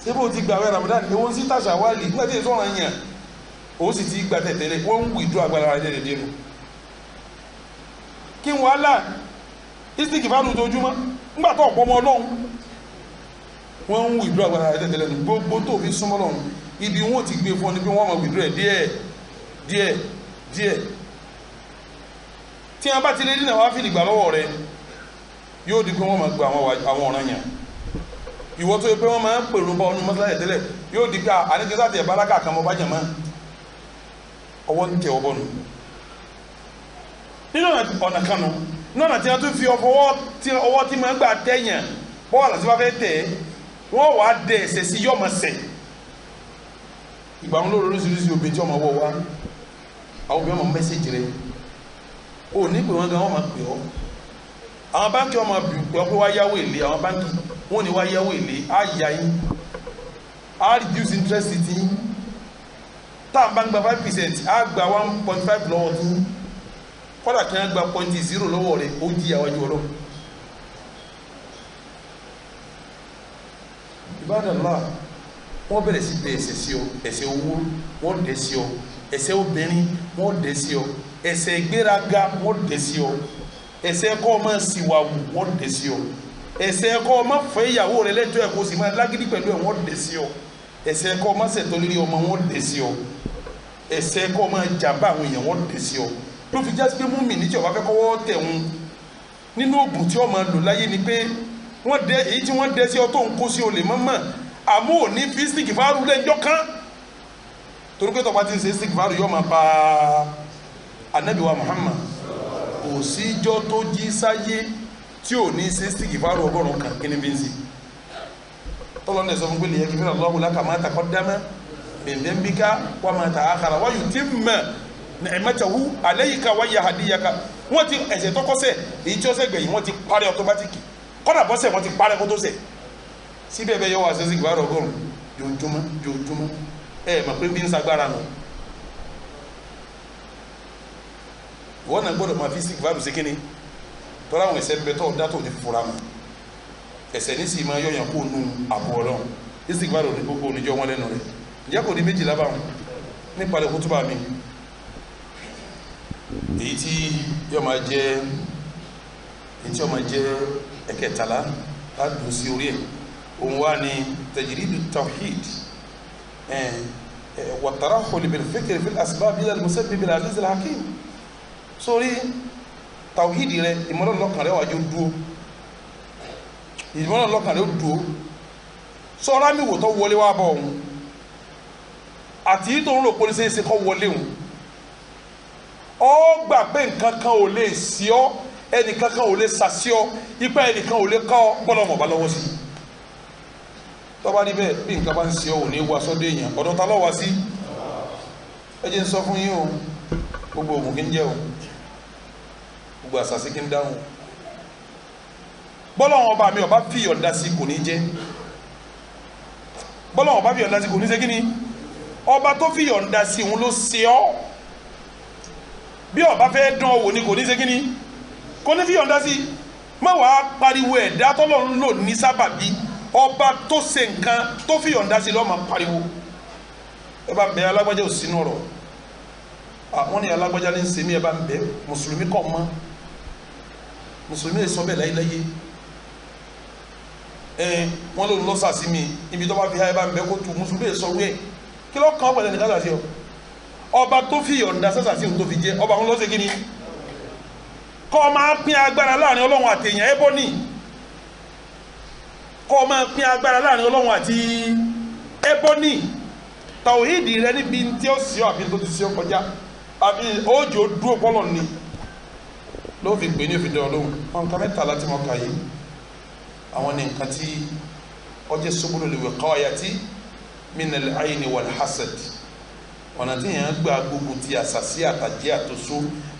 sebo ti gbàwé Ramadan ewo ń sí tàṣà wálì nígbà tí èso ọ̀ràn yàn ó sì ti gba tẹ̀tẹ̀lé wọ́n ń wìdú agbára rẹ̀ dídí ẹnu kí n wàhálà istik fanu tojúmọ́ nígbà tó ọ̀pọ̀ ọmọ ọlọ́run wọ́n ń wìdú agbára rẹ̀ tẹ̀tẹ̀lé nu gbogbo tó fi súnmọ́ lọ́run ibi wọn ò ti gbé fún ọ ni pé wọ́n máa wìdú rẹ̀ díẹ̀ díẹ̀ díẹ̀ tí wọn bá ti lé dínà wá fìdí gbà lọ́wọ́ rẹ̀ yóò di pé wọ́n máa gba àwọn ọ̀ràn yẹn ìwọ tó yẹ pé wọ́n máa ń pèrò bọ́ ọdún tẹ́lẹ̀ yóò di pé àníkísà tẹ̀ bálákà kan mọ́ ọwọ mọ́ ọwọ́ tẹ nínú ọ̀nà kan nù nínú ọ̀nà tí wọ́n tún fi ọwọ́ tí máa ń gbà bọ́ọ̀lù wọ́n fẹ́ tẹ̀ wọ́n ẹ̀sẹ̀ sí ìgbà wọn àwọn báńkì ọmọ ọ pé wá yáwó èlé àwọn báńkì wọn ò ní wá yáwó èlé á yà yín á reduce interest ti yín tá à ń bá ń gba five percent á gba one point five lọ́wọ́ tó yín kọ́dà kí wọ́n gba point zero lọ́wọ́ rẹ̀ ó jí àwọn ìjọ lọ. ìbádàlá wọ́n bẹ̀rẹ̀ sí dẹ ẹ̀ṣẹ̀ sí ọ ẹ̀ṣẹ̀ owó wọ́n dẹ̀ sí ọ ẹ̀ṣẹ̀ obìnrin wọ́n dẹ̀ sí ọ ẹ̀ṣẹ̀ ìgbéraga wọ́n dẹ̀ sí ọ ẹsẹ̀ kọ́ ọ si sìwà wù wọ́n dẹ̀ sí ọ ẹsẹ̀ kọ́ ọ máa fẹ́ ìyàwó rẹ lẹ́tọ́ ẹ̀ kó o sì máa lágídí pẹ̀lú ẹ̀ wọ́n dẹ̀ sí ọ ẹsẹ̀ kọ́ ọ máa ṣètò lórí ọmọ wọ́n dẹ̀ sí ọ ẹsẹ̀ kọ́ ọ máa jàmbá àwọn èèyàn wọ́n dẹ̀ sí ọ ló fi jásí pé múmi níjọ wá fẹ́ kọ́wọ́ tẹ̀ wọn nínú oògùn tí ọ máa lò láyé ni pé wọ́n dẹ èyí tí wọ́n dẹ sí ọ tó ń kó sí olè mọ́mọ́ àmọ́ ò ní fi stick fáárù kan torí pé tọ́ba ti ń ṣe stick fáárù yóò máa ba anabiwa Muhammad kò síjọ́ tó jí sáyé tí ò ní ṣe stíkì fáró ọgọ́rùn-ún kan kí ni bí ń ṣe tọ́lọ́ ní sọ fún pé lèyẹ kí lọ́wọ́ láka máa takọ́ dáná bẹ̀m̀bẹ̀ ń bí ká wà máa ta àkàrà wáyù tí mẹ̀ ní ẹ̀mẹ́tẹ̀wú alẹ́ yìí ká wáyà àdíyàká wọ́n ti ẹ̀sẹ̀ èyí tí ó wọ́n ti ọtọ́mátìkì kọ́nà bọ́sẹ̀ wọ́n ti sẹ̀ síbẹ̀ wọn náà gbọ́dọ̀ máa fi sí ìfàmù sí kínní tọ́lá àwọn ẹ̀ṣẹ̀ ń bẹ tọ́ dátò ní fúra mọ́ ẹ̀ṣẹ̀ ní sì máa yọyàn kó nu àbò ọlọ́run ìsìnkú ní gbogbo oníjọ wọn lẹ́nu rẹ̀ ìyá kò ní méjìlá báwọn nípa lè kútúbà mi èyí tí yọ máa jẹ èyí tí yọ máa jẹ ẹ̀kẹtàlá ládùn sí orí ẹ̀ òun wá ní tajiridu tawhid ẹ̀ wàtàrà kọlìbẹ̀rẹ̀ fẹ́kẹ̀rẹ̀ fil asbab bil sórí tàwíìdì rẹ ìmọ̀lọ́nà lọ́kàn rẹ wà jọ dúó ìmọ̀lọ́nà lọ́kàn rẹ ó dúó sọ́ra mi wò tó wọlé wá bọ̀ òun àti yìí tó ń rò polisi ṣe kọ́ wọlé òun ọ gbà pé nǹkan kan ò lè sí ọ ẹnìkan kan ò lè sàsí ọ ipa ẹnìkan ò lè kọ́ ọ gbọ́dọ̀ mọ̀ bá lọ́wọ́ sí i tọ́ba ní bẹ́ẹ̀ bí nǹkan bá ń ṣe òun ní wa sọ́dọ̀ èèyàn ọ̀dọ̀ ta lọ́wọ́ sí ẹ jẹ́ ń sọ fún yín o gbogbo òògùn kì í jẹ́ o gbogbo àṣàṣe kí n dáhùn bọ́lọ́wọ́n ọba mi ọba fi ọ̀dà sí kò ní jẹ́ bọ́lọ́wọ́n ọba fi ọ̀dà sí kò ní jẹ́ kí ni ọba tó fi ọ̀dà sí òun ló ṣe ọ́ bí ọba fẹ́ dán ọ wò ni kò ní ṣe kí ni kò ní fi ọ̀dà sí má wàá pariwo ẹ̀dá tọ́lọ́run lò ní sábàbí ọba tó ṣe nǹkan tó fi ọ̀dà sí lọ́ọ́ pariwo ẹ bá bẹ alágbájá ò sínú ọ̀rọ̀ àwọn ni alágbájá ní ń ṣe mí ẹ bá ń bẹ mùsùlùmí kọ̀ mọ́ mùsùlùmí lè sọ bẹ́ẹ̀ láyéláyé ẹn wọn lòun lọ sàsí mi ibi tó bá fi háyà bá mi bẹ́ kó tu mùsùlùmí lè sọ wíyẹ kí ló kàn pẹ̀lẹ́ nìkan sàsí ọ ọba tó fi ọ̀dà sàsí òun tó fi jẹ ọba òun lọ́sẹ̀ kíni kọ́ ọ máa pín agbára láàrin ọlọ́run àtẹ̀yìn ẹbọ ni kọ́ ọ máa pín agbára láàrin ọlọ́run àti ẹbọ ni tàwíìdì rẹ níbi tí ó sì ọ àbí tó ti sí ọ kọjá àbí òjò dúró pọ́lọ̀ ni ló fi pè ní òfin dán lóhùn wọn nǹkan mẹ́ta láti mọ̀ kà yìí àwọn ní nǹkan tí ọjọ́ sọ́gbọ́n lè wẹ̀ káwá ya tí minal aini wal hasad ọ̀nà tí yẹn gba gbogbo ti àsàsí àtàjẹ́ àtòsó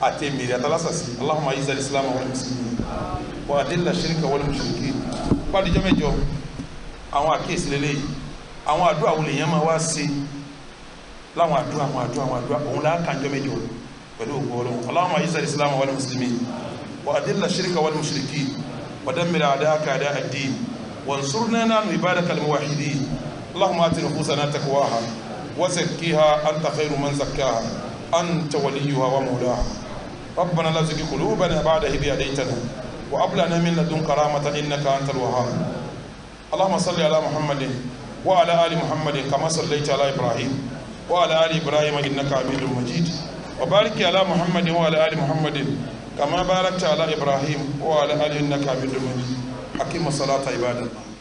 àti èmìrì àtàlásàsí Allahumma ayézà islam wal muslimin wa adilla shirka wal mushrikin pàdéjọ́ mẹ́jọ àwọn àkíyèsí lélẹ́yìí àwọn àdúrà wo lèèyàn máa wá sí láwọn àdúrà àwọn àdúrà àwọn àdúrà òun là á mẹ́jọ rẹ̀. pẹ̀lú òkú اللهم aláwọ̀ الإسلام والمسلمين وأدل الشرك والمشركين ودمر أعداءك أعداء الدين وانصرنا نحن عبادك الموحدين اللهم ات نفوسنا تقواها وزكيها انت خير من زكاها انت وليها ومولاها ربنا لا تزكي قلوبنا بعد إذ هديتنا وهب من لدنك رحمة انك انت الوهاب اللهم صل على محمد وعلى ال محمد كما صليت على ابراهيم وعلى ال ابراهيم انك حميد مجيد وبارك على محمد وعلى آل محمد كما باركت على إبراهيم وعلى آل إنك عبد المجيد أقيم الصلاة عباد الله